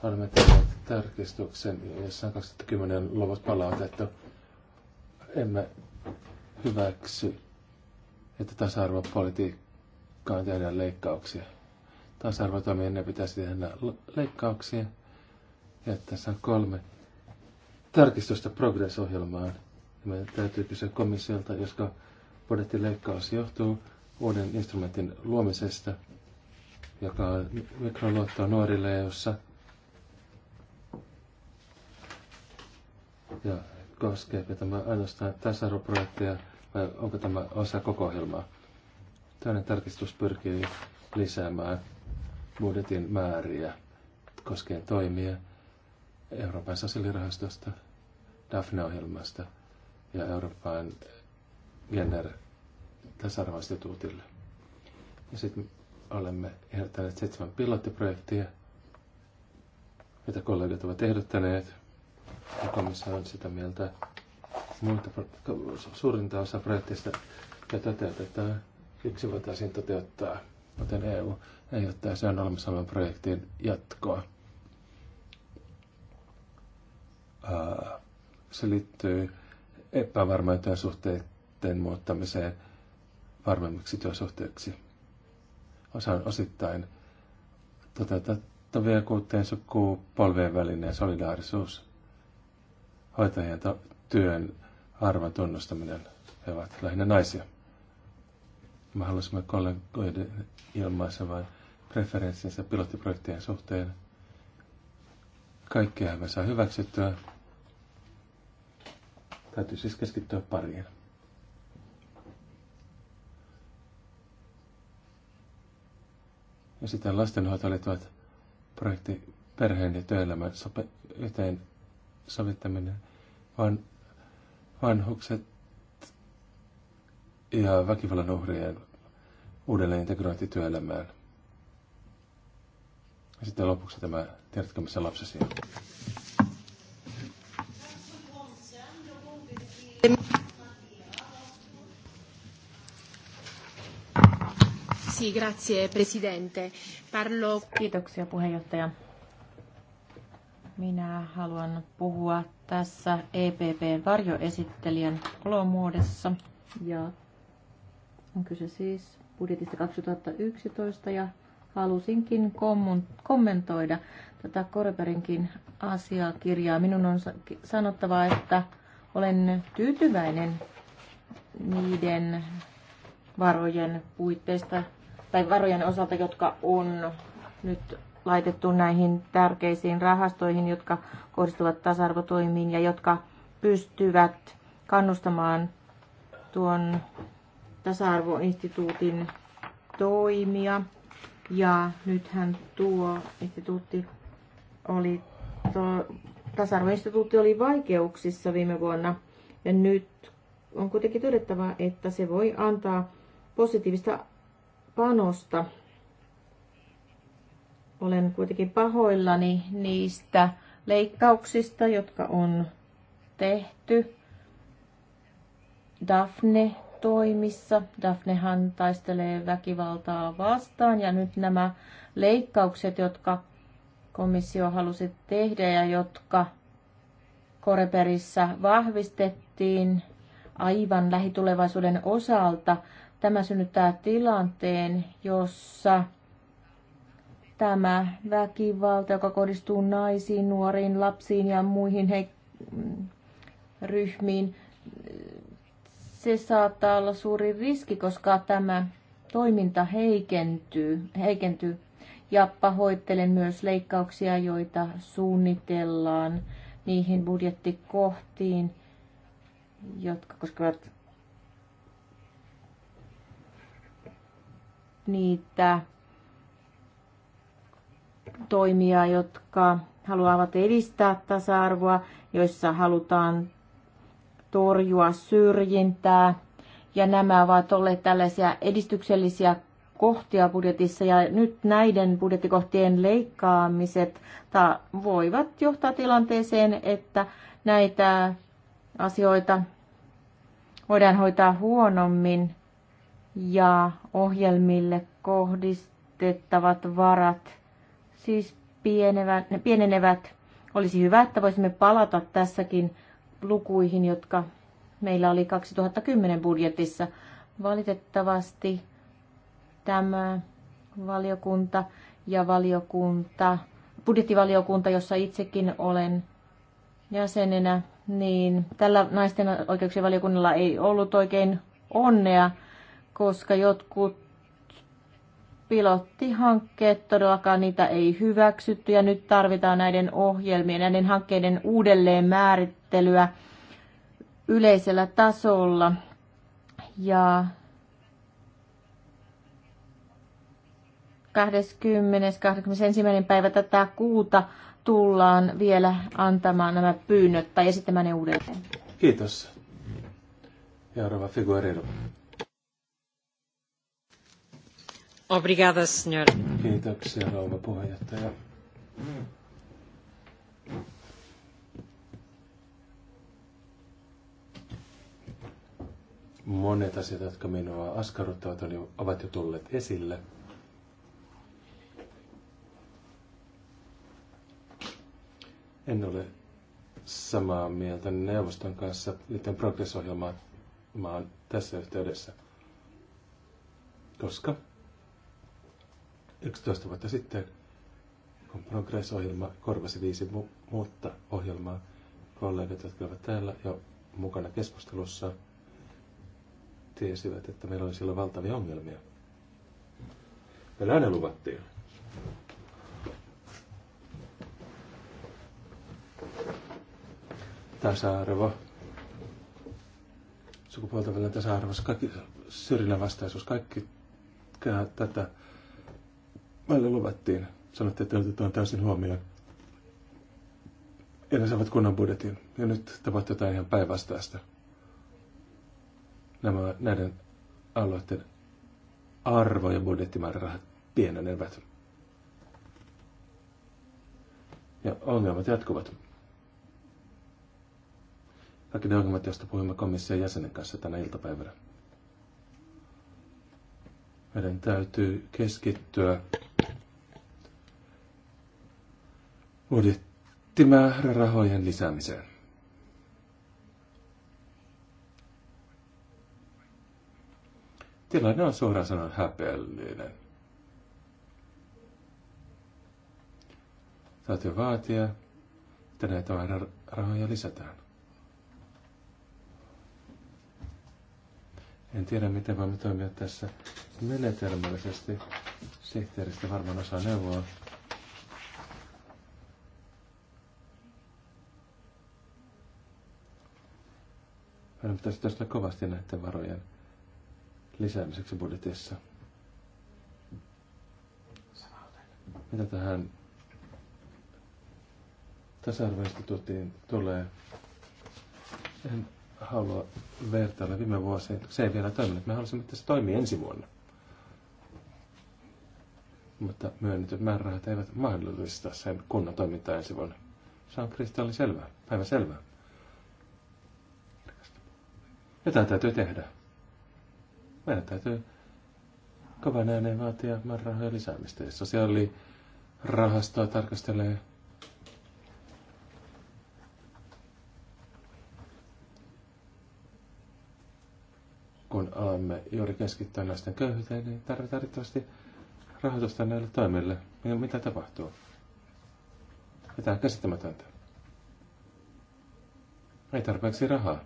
olemme tehneet tarkistuksen, jossa on 2010 luvut palautettu. Emme hyväksy, että tasa-arvopolitiikkaan tehdään leikkauksia. Tasa-arvotoimien ne pitäisi tehdä leikkauksia. Ja tässä on kolme tarkistusta progressohjelmaan, ohjelmaan Meidän täytyy kysyä komissiolta, koska budjettileikkaus johtuu uuden instrumentin luomisesta – joka on mikroluottoa nuorille, jossa e ja koskeeko tämä ainoastaan tasa-arvoprojekteja vai onko tämä osa koko ohjelmaa? Tällainen tarkistus pyrkii lisäämään budjetin määriä koskien toimia Euroopan sosiaalirahastosta, Daphne-ohjelmasta ja Euroopan gender tasa Ja sitten olemme ehdottaneet seitsemän pilottiprojektia, joita kollegat ovat ehdottaneet. Ja komissio on sitä mieltä, että suurinta osa projekteista ja toteutetaan yksi voitaisiin toteuttaa, joten EU ei ole sen olemassa olevan projektin jatkoa. Se liittyy epävarmojen suhteiden muuttamiseen varmemmiksi työsuhteiksi. Osa osittain toteutettavien kuuteen sukupolvien välinen solidaarisuus, hoitajien työn arvon tunnustaminen. He ovat lähinnä naisia. Me haluaisimme kollegoiden ilmaisemaan preferenssinsä pilottiprojektien suhteen. Kaikkea me saa hyväksyttyä. Täytyy siis keskittyä pariin. Ja sitten oli tuo projekti perheen ja työelämän sope, yhteen sovittaminen, vaan vanhukset ja väkivallan uhrien uudelleen integrointi työelämään. Ja sitten lopuksi tämä, tiedätkö missä lapsesi on? Kiitoksia puheenjohtaja. Minä haluan puhua tässä EPPn varjoesittelijän olomuodossa. Ja on kyse siis budjetista 2011 ja halusinkin kommentoida tätä Korberinkin asiakirjaa. Minun on sanottava, että olen tyytyväinen niiden varojen puitteista, tai varojen osalta, jotka on nyt laitettu näihin tärkeisiin rahastoihin, jotka kohdistuvat tasa-arvotoimiin ja jotka pystyvät kannustamaan tuon tasa-arvoinstituutin toimia. Ja nythän tuo instituutti oli, to, tasa-arvoinstituutti oli vaikeuksissa viime vuonna. Ja nyt on kuitenkin todettava, että se voi antaa positiivista panosta. Olen kuitenkin pahoillani niistä leikkauksista, jotka on tehty Daphne-toimissa. Daphnehan taistelee väkivaltaa vastaan ja nyt nämä leikkaukset, jotka komissio halusi tehdä ja jotka Koreperissä vahvistettiin aivan lähitulevaisuuden osalta, Tämä synnyttää tilanteen, jossa tämä väkivalta, joka kohdistuu naisiin, nuoriin, lapsiin ja muihin he- ryhmiin, se saattaa olla suuri riski, koska tämä toiminta heikentyy, heikentyy. Ja pahoittelen myös leikkauksia, joita suunnitellaan niihin budjettikohtiin, jotka koskevat niitä toimia, jotka haluavat edistää tasa-arvoa, joissa halutaan torjua syrjintää. Ja nämä ovat olleet tällaisia edistyksellisiä kohtia budjetissa ja nyt näiden budjettikohtien leikkaamiset ta, voivat johtaa tilanteeseen, että näitä asioita voidaan hoitaa huonommin ja ohjelmille kohdistettavat varat siis pienevät, ne pienenevät. Olisi hyvä, että voisimme palata tässäkin lukuihin, jotka meillä oli 2010 budjetissa. Valitettavasti tämä valiokunta ja valiokunta, budjettivaliokunta, jossa itsekin olen jäsenenä, niin tällä naisten oikeuksien valiokunnalla ei ollut oikein onnea koska jotkut pilottihankkeet todellakaan niitä ei hyväksytty ja nyt tarvitaan näiden ohjelmien, näiden hankkeiden uudelleen määrittelyä yleisellä tasolla. Ja 20.21. päivä tätä kuuta tullaan vielä antamaan nämä pyynnöt tai esittämään ne uudelleen. Kiitos. Seuraava Figueredo. Obrigada, senhora. Kiitoksia, rouva puheenjohtaja. Monet asiat, jotka minua askarruttavat, ovat jo tulleet esille. En ole samaa mieltä neuvoston kanssa, joten progressohjelma on tässä yhteydessä. Koska 11 vuotta sitten, kun Progress-ohjelma korvasi viisi mu- muutta ohjelmaa, kollegat, jotka ovat täällä jo mukana keskustelussa, tiesivät, että meillä oli silloin valtavia ongelmia. Meillä aina luvattiin. Tasa-arvo. Sukupuolten välinen tasa-arvo, kaikki syrjinnän vastaisuus, kaikki tätä Meille luvattiin. Sanottiin, että otetaan täysin huomioon. Ja ne saavat kunnan budjetin. Ja nyt tapahtuu jotain ihan päinvastaista. Nämä, näiden alueiden arvo ja budjettimäärärahat pienenevät. Ja ongelmat jatkuvat. Kaikki ne ongelmat, joista puhuimme komission jäsenen kanssa tänä iltapäivänä. Meidän täytyy keskittyä budjettimäärärahojen lisäämiseen. Tilanne on suoraan sanoen häpeällinen. Täytyy vaatia, että näitä rahoja lisätään. En tiedä, miten voimme toimia tässä menetelmällisesti. Sihteeristä varmaan osaa neuvoa. Meidän pitäisi tästä kovasti näiden varojen lisäämiseksi budjetissa. Mitä tähän tasa-arvoinstituuttiin tulee? En halua vertailla viime vuosiin. Se ei vielä toiminut. Me halusimme, että se toimii ensi vuonna. Mutta myönnetyt määrärahat eivät mahdollista sen kunnan toimintaa ensi vuonna. Se on kristallin selvää, päivä selvää. Jotain täytyy tehdä. Meidän täytyy kovan ääneen vaatia määrärahojen lisäämistä. Ja sosiaalirahastoa tarkastelee kun alamme juuri keskittää naisten köyhyyteen, niin tarvitaan riittävästi rahoitusta näille toimille. Mitä tapahtuu? Mitä on käsittämätöntä. Ei tarpeeksi rahaa.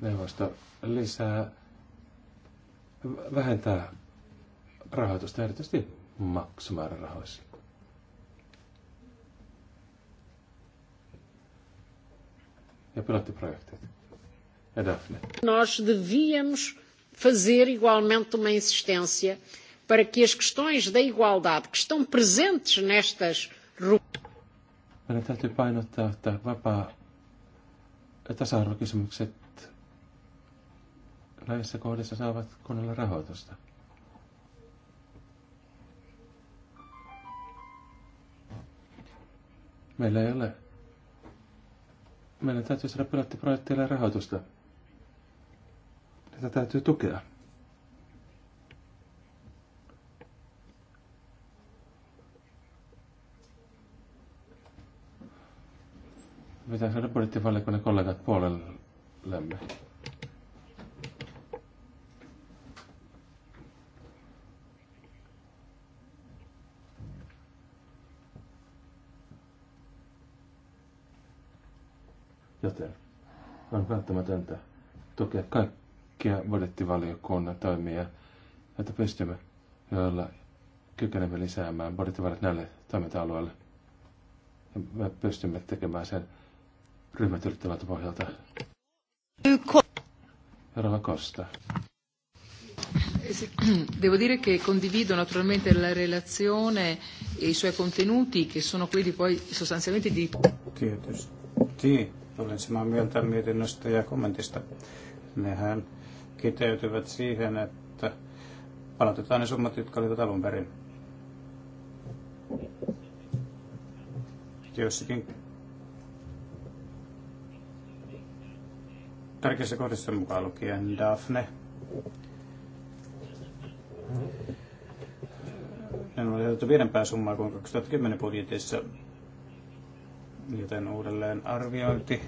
neuvosto lisää, vähentää rahoitusta erityisesti maksumäärärahoissa. Ja pilottiprojektit. Ja Daphne. Nós devíamos fazer igualmente uma insistência para que as questões da igualdade que estão presentes nestas Meidän täytyy painottaa, että vapaa- ja tasa-arvokysymykset näissä kohdissa saavat kunnolla rahoitusta. Meillä ei ole. Meillä täytyy saada pilottiprojekteille rahoitusta. Tätä täytyy tukea. Pitää saada budjettivaliokunnan kollegat puolellemme. Joten on välttämätöntä tukea kaikkia budjettivaliokunnan toimia, että pystymme, joilla kykenemme lisäämään budjettivarat näille toiminta-alueille. Ja me pystymme tekemään sen ryhmät ylittävältä pohjalta. Rova Costa. Devo dire che condivido naturalmente la relazione e i suoi contenuti che sono quelli poi sostanzialmente di... Tietysti Monti, olen samaa mieltä mietinnöstä ja kommentista. Nehän kiteytyvät siihen, että palautetaan ne summat, jotka olivat alun perin. Joissakin tärkeissä kohdissa mukaan lukien Daphne. Ne on ollut pienempää summaa kuin 2010 budjetissa joten uudelleen arviointi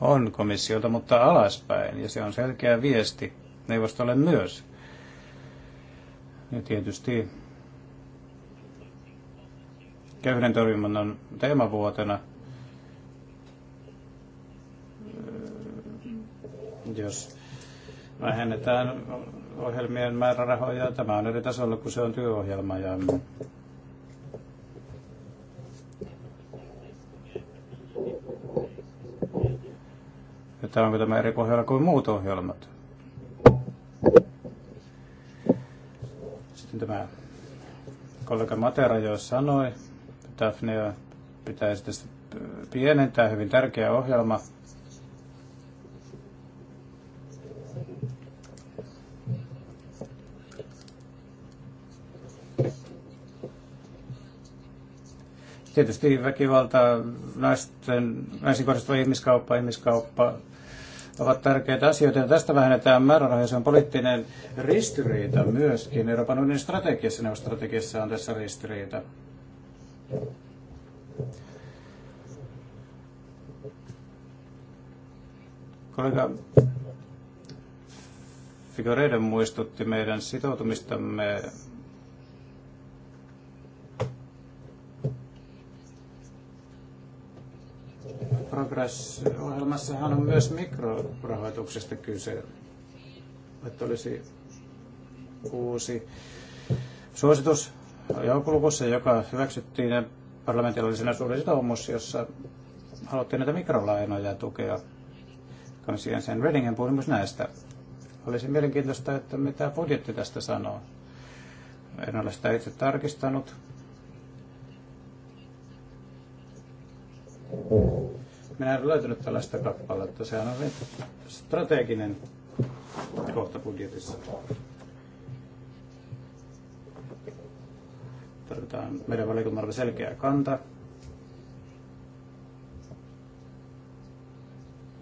on komissiota, mutta alaspäin, ja se on selkeä viesti neuvostolle myös. Ja tietysti köyhyyden torjunnan teemavuotena, jos vähennetään ohjelmien määrärahoja, tämä on eri tasolla kuin se on työohjelma, ja että onko tämä eri pohjalla kuin muut ohjelmat. Sitten tämä kollega Matera jo sanoi, että Daphnea pitäisi tästä pienentää, hyvin tärkeä ohjelma. tietysti väkivalta, naisten, naisiin kohdistuva ihmiskauppa, ihmiskauppa, ovat tärkeitä asioita, ja tästä vähennetään määrärahoja. Se on poliittinen ristiriita myöskin. Euroopan unionin strategiassa, neuvostrategiassa on tässä ristiriita. Kollega Figureiden muistutti meidän sitoutumistamme Progress-ohjelmassahan on myös mikrorahoituksesta kyse, että olisi uusi suositus joulukuussa, joka hyväksyttiin ja parlamentilla suuri sitoumus, jossa haluttiin näitä mikrolainoja tukea. Komission sen Reddingen puhui myös näistä. Olisi mielenkiintoista, että mitä budjetti tästä sanoo. En ole sitä itse tarkistanut. Minä en löytänyt tällaista kappaletta. Sehän on strateginen kohta budjetissa. Tarvitaan meidän valiokunnalla selkeä kanta.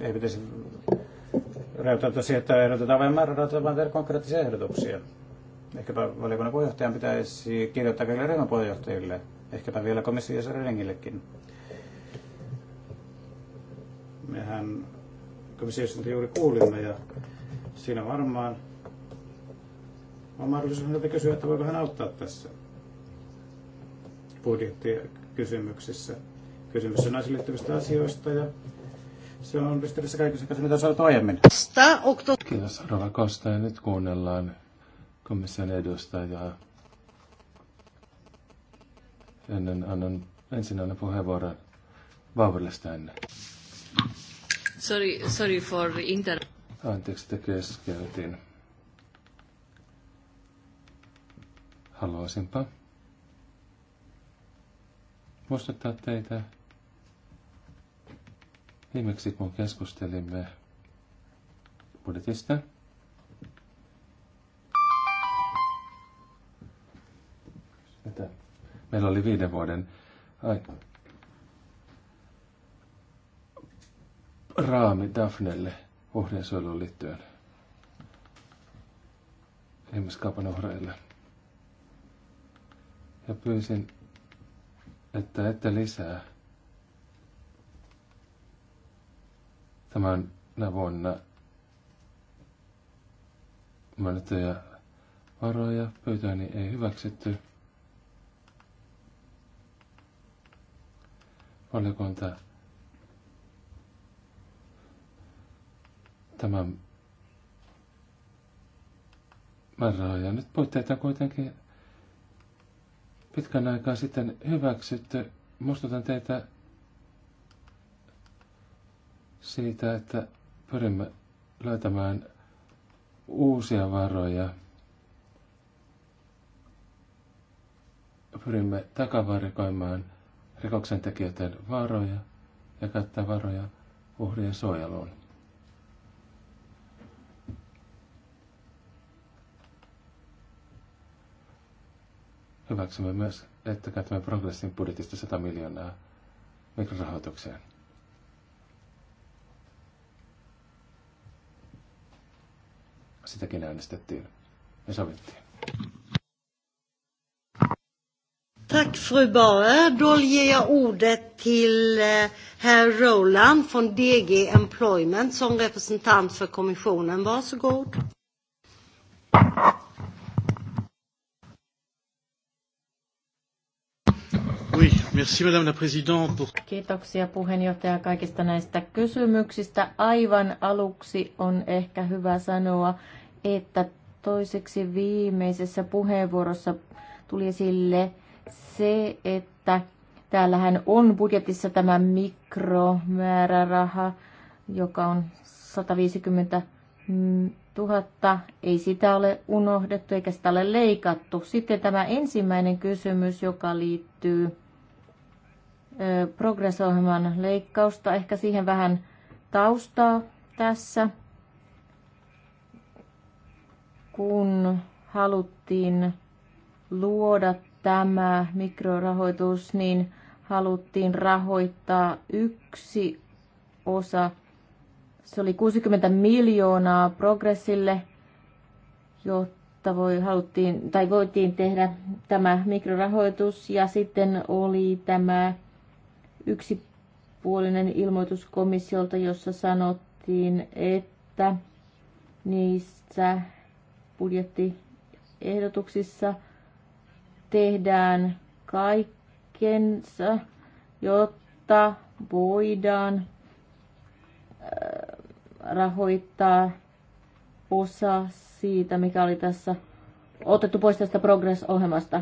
Ei pitäisi rajoittaa siihen, että ehdotetaan vain määrärahoja, vaan tehdä konkreettisia ehdotuksia. Ehkäpä valiokunnan puheenjohtajan pitäisi kirjoittaa kaikille ryhmän puheenjohtajille, ehkäpä vielä komissiossa jäsenille Mehän komissiosta juuri kuulimme ja siinä varmaan on mahdollisuus häneltä kysyä, että voiko hän auttaa tässä budjettikysymyksissä. kysymyksissä on naisiin liittyvistä asioista ja se on ristiriidassa kaikissa kanssa, mitä sanoit aiemmin. Kiitos Rova Kosta ja nyt kuunnellaan komission edustajaa. Ennen annan, ensin annan puheenvuoron Vaurille Stänne. Sorry, sorry for inter... Anteeksi, että keskeytin. Haluaisinpa muistuttaa teitä viimeksi, kun keskustelimme budjetista. Mitä? Meillä oli viiden vuoden aika raami Daphnelle uhrien liittyen ihmiskaupan uhreille. Ja pyysin, että ette lisää tämän vuonna myönnettyjä varoja. Pyytäni ei hyväksytty. Valiokunta tämän määrärahoja. Nyt puitteita kuitenkin pitkän aikaa sitten hyväksytty. Muistutan teitä siitä, että pyrimme löytämään uusia varoja. Pyrimme takavarikoimaan rikoksentekijöiden varoja ja käyttää varoja uhrien suojeluun. Hyväksymme myös, että käytämme progressin budjetista 100 miljoonaa mikrorahoitukseen. Sitäkin äänestettiin ja sovittiin. Tack fru Bauer. Då ger jag ordet till eh, herr Roland från DG Employment som representant för kommissionen. Varsågod. Merci, Madame la Présidente. Kiitoksia puheenjohtaja kaikista näistä kysymyksistä. Aivan aluksi on ehkä hyvä sanoa, että toiseksi viimeisessä puheenvuorossa tuli esille se, että täällähän on budjetissa tämä mikromääräraha, joka on 150 000. Ei sitä ole unohdettu eikä sitä ole leikattu. Sitten tämä ensimmäinen kysymys, joka liittyy progressohjelman leikkausta, ehkä siihen vähän taustaa tässä, kun haluttiin luoda tämä mikrorahoitus, niin haluttiin rahoittaa yksi osa. Se oli 60 miljoonaa progressille, jotta voi, haluttiin, tai voitiin tehdä tämä mikrorahoitus ja sitten oli tämä yksipuolinen ilmoitus komissiolta, jossa sanottiin, että niissä budjettiehdotuksissa tehdään kaikkensa, jotta voidaan äh, rahoittaa osa siitä, mikä oli tässä otettu pois tästä Progress-ohjelmasta.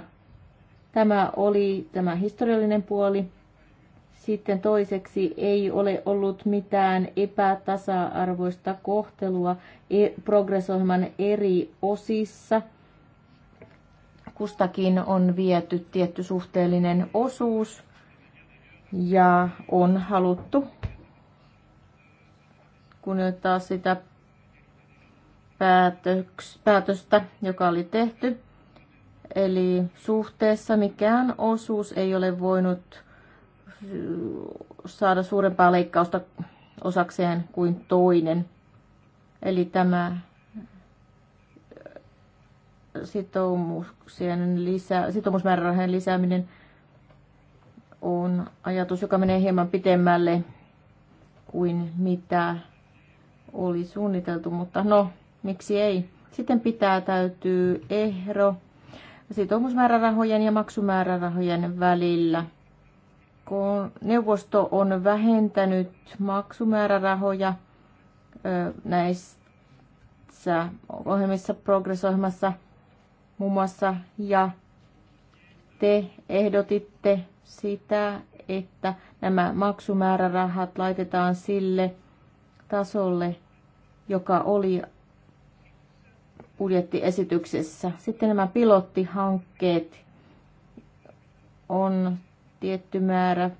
Tämä oli tämä historiallinen puoli. Sitten toiseksi ei ole ollut mitään epätasa-arvoista kohtelua e-, progressohjelman eri osissa. Kustakin on viety tietty suhteellinen osuus ja on haluttu kunnioittaa sitä päätöks, päätöstä, joka oli tehty. Eli suhteessa mikään osuus ei ole voinut saada suurempaa leikkausta osakseen kuin toinen. Eli tämä äh, sitoumuksien lisä, sitoumusmäärärahojen lisääminen on ajatus, joka menee hieman pitemmälle kuin mitä oli suunniteltu, mutta no, miksi ei. Sitten pitää täytyy ehro sitoumusmäärärahojen ja maksumäärärahojen välillä – neuvosto on vähentänyt maksumäärärahoja näissä ohjelmissa, progressohjelmassa muun muassa, ja te ehdotitte sitä, että nämä maksumäärärahat laitetaan sille tasolle, joka oli budjettiesityksessä. Sitten nämä pilottihankkeet on tietty määrä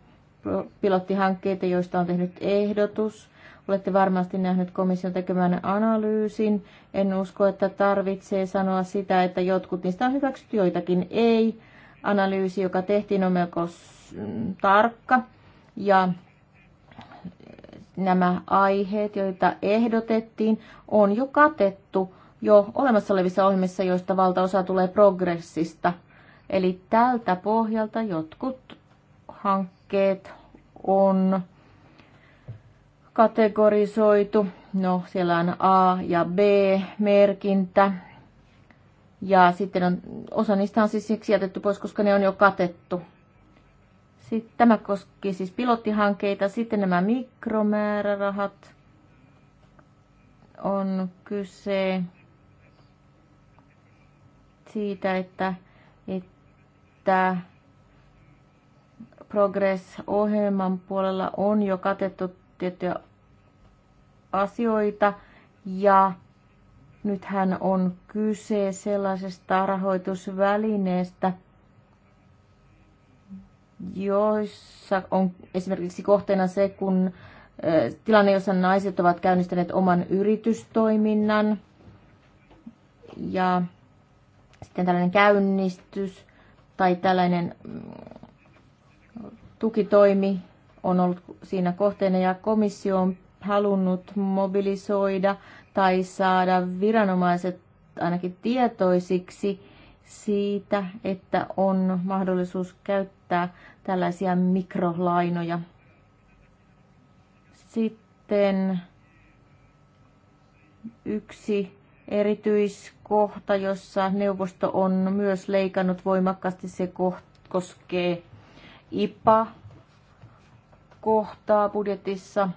pilottihankkeita, joista on tehnyt ehdotus. Olette varmasti nähnyt komission tekemän analyysin. En usko, että tarvitsee sanoa sitä, että jotkut niistä on hyväksytty, joitakin ei. Analyysi, joka tehtiin, on melko tarkka. Ja nämä aiheet, joita ehdotettiin, on jo katettu jo olemassa olevissa ohjelmissa, joista valtaosa tulee progressista. Eli tältä pohjalta jotkut hankkeet on kategorisoitu. No, siellä on A- ja B-merkintä. Ja sitten on, osa niistä on siis siksi jätetty pois, koska ne on jo katettu. Sitten tämä koski siis pilottihankkeita. Sitten nämä mikromäärärahat on kyse siitä, että, että Progress-ohjelman puolella on jo katettu tiettyjä asioita ja nythän on kyse sellaisesta rahoitusvälineestä, joissa on esimerkiksi kohteena se, kun tilanne, jossa naiset ovat käynnistäneet oman yritystoiminnan ja sitten tällainen käynnistys tai tällainen mm, tukitoimi on ollut siinä kohteena ja komissio on halunnut mobilisoida tai saada viranomaiset ainakin tietoisiksi siitä, että on mahdollisuus käyttää tällaisia mikrolainoja. Sitten yksi erityiskohta, jossa neuvosto on myös leikannut voimakkaasti, se koht, koskee IPA-kohtaa budjetissa,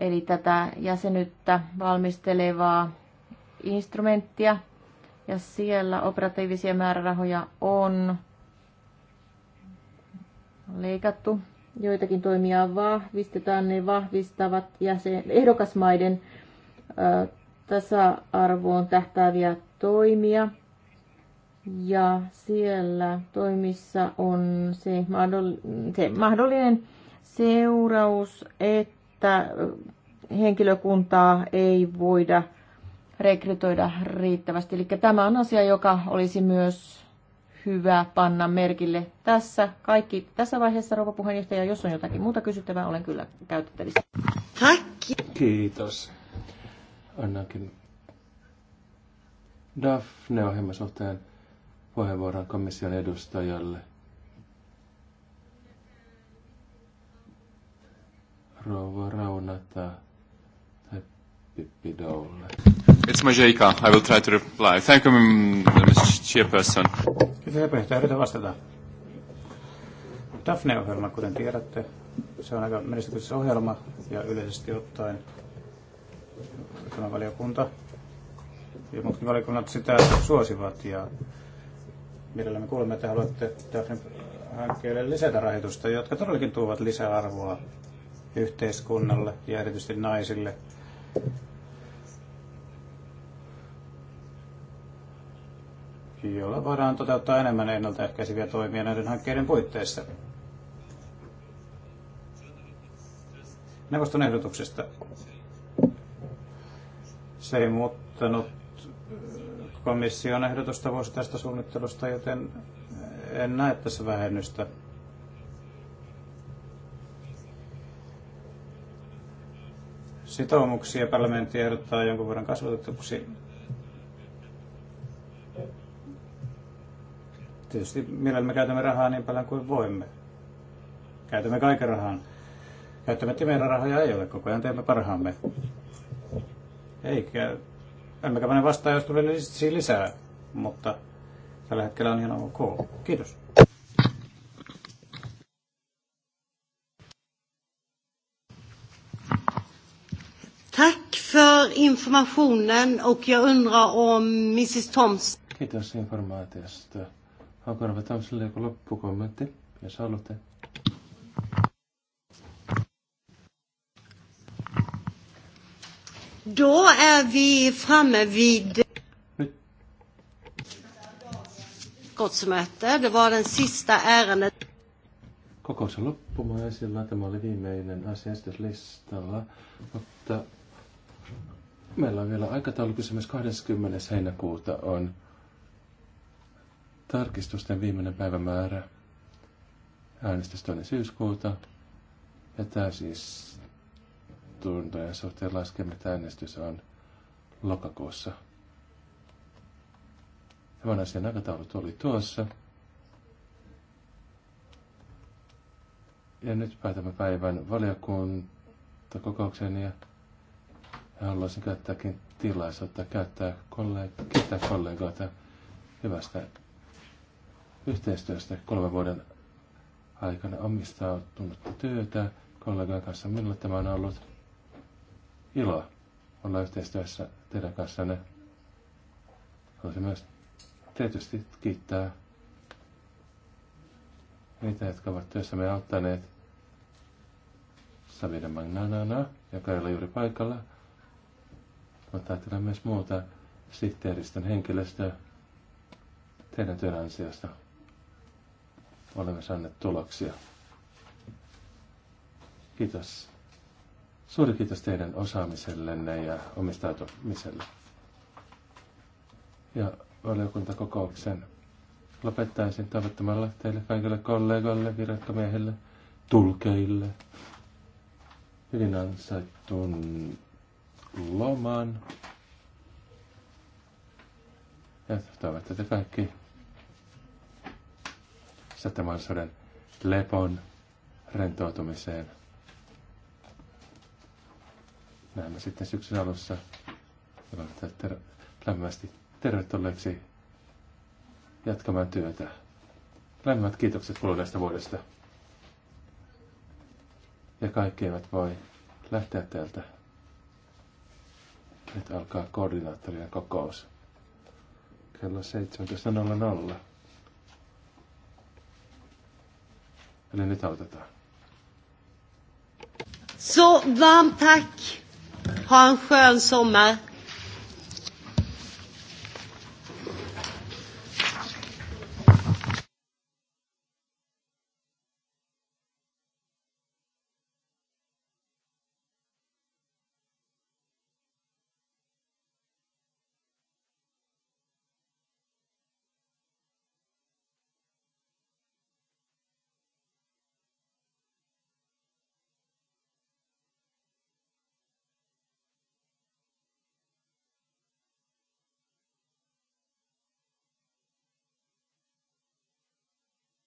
eli tätä jäsenyyttä valmistelevaa instrumenttia. Ja siellä operatiivisia määrärahoja on leikattu. Joitakin toimia vahvistetaan, ne vahvistavat jäsen, ehdokasmaiden ö, tasa-arvoon tähtääviä toimia – ja siellä toimissa on se, se mahdollinen seuraus, että henkilökuntaa ei voida rekrytoida riittävästi. Eli tämä on asia, joka olisi myös hyvä panna merkille tässä. Kaikki tässä vaiheessa, rouva puheenjohtaja, jos on jotakin muuta kysyttävää, olen kyllä käytettävissä. Kaikki. Kiitos. Annankin daphne ohjelmasohtajan puheenvuoron komission edustajalle. Rouva Raunata tai Pippidoulle. It's Majeika. I will try to reply. Thank you, Mr. Mm, Chairperson. Kiitos, puheenjohtaja. Yritän vastata. Daphne-ohjelma, kuten tiedätte, se on aika menestyksessä ohjelma ja yleisesti ottaen tämä valiokunta ja muutkin valiokunnat sitä suosivat ja Mielellämme kuulemme, että haluatte Daphne hankkeelle lisätä rahoitusta, jotka todellakin tuovat lisäarvoa yhteiskunnalle ja erityisesti naisille. jolla voidaan toteuttaa enemmän ennaltaehkäiseviä toimia näiden hankkeiden puitteissa. Neuvoston ehdotuksesta. Se ei muuttanut komission ehdotusta tästä suunnittelusta, joten en näe tässä vähennystä. Sitoumuksia parlamentti ehdottaa jonkun verran kasvatetuksi. Tietysti mielellä me käytämme rahaa niin paljon kuin voimme. Käytämme kaiken rahan. Käyttämättä meidän rahoja ei ole, koko ajan teemme parhaamme. Eikä Emmekä mene vastaan, jos tulee lisää, mutta tällä hetkellä on ihan ok. Kiitos. Tack för informationen och jag undrar om Mrs Toms. Kiitos informaatiosta. Onko Rova Thompsonilla joku loppukommentti, jos haluatte? Då är vi framme vid utskottsmöte. Det var den sista ärendet. Kokous on loppumaisilla. Tämä oli viimeinen asia listalla, mutta meillä on vielä aikataulukysymys. 20. heinäkuuta on tarkistusten viimeinen päivämäärä. Äänestys 2. syyskuuta ja tämä siis tuntojen suhteen laskemme, että äänestys on lokakuussa. Tämän asian aikataulut oli tuossa. Ja nyt päätämme päivän valiokuntakokouksen ja haluaisin käyttääkin tilaisuutta käyttää kolleg- kollegoita hyvästä yhteistyöstä kolmen vuoden aikana omistautunutta työtä kollegan kanssa. Minulle tämä on ollut ilo olla yhteistyössä teidän kanssanne. Haluaisin myös tietysti kiittää niitä, jotka ovat me auttaneet. Savide Magnanana, joka ei ole juuri paikalla, mutta ajatellaan myös muuta sihteeristön henkilöstöä teidän työn ansiosta. Olemme saaneet tuloksia. Kiitos Suuri kiitos teidän osaamisellenne ja omistautumiselle. Ja valiokuntakokouksen lopettaisin toivottamalla teille kaikille kollegoille, virkamiehille, tulkeille hyvin ansaitun loman. Ja toivottavasti te kaikki satamansodan lepon rentoutumiseen. Näemme sitten syksyn alussa. Ter- lämmästi tervetulleeksi jatkamaan työtä. Lämmät kiitokset kuluneesta vuodesta. Ja kaikki eivät voi lähteä täältä. Nyt alkaa koordinaattorien kokous. Kello 17.00. Eli nyt autetaan. Så varmt tack Ha en skön sommar.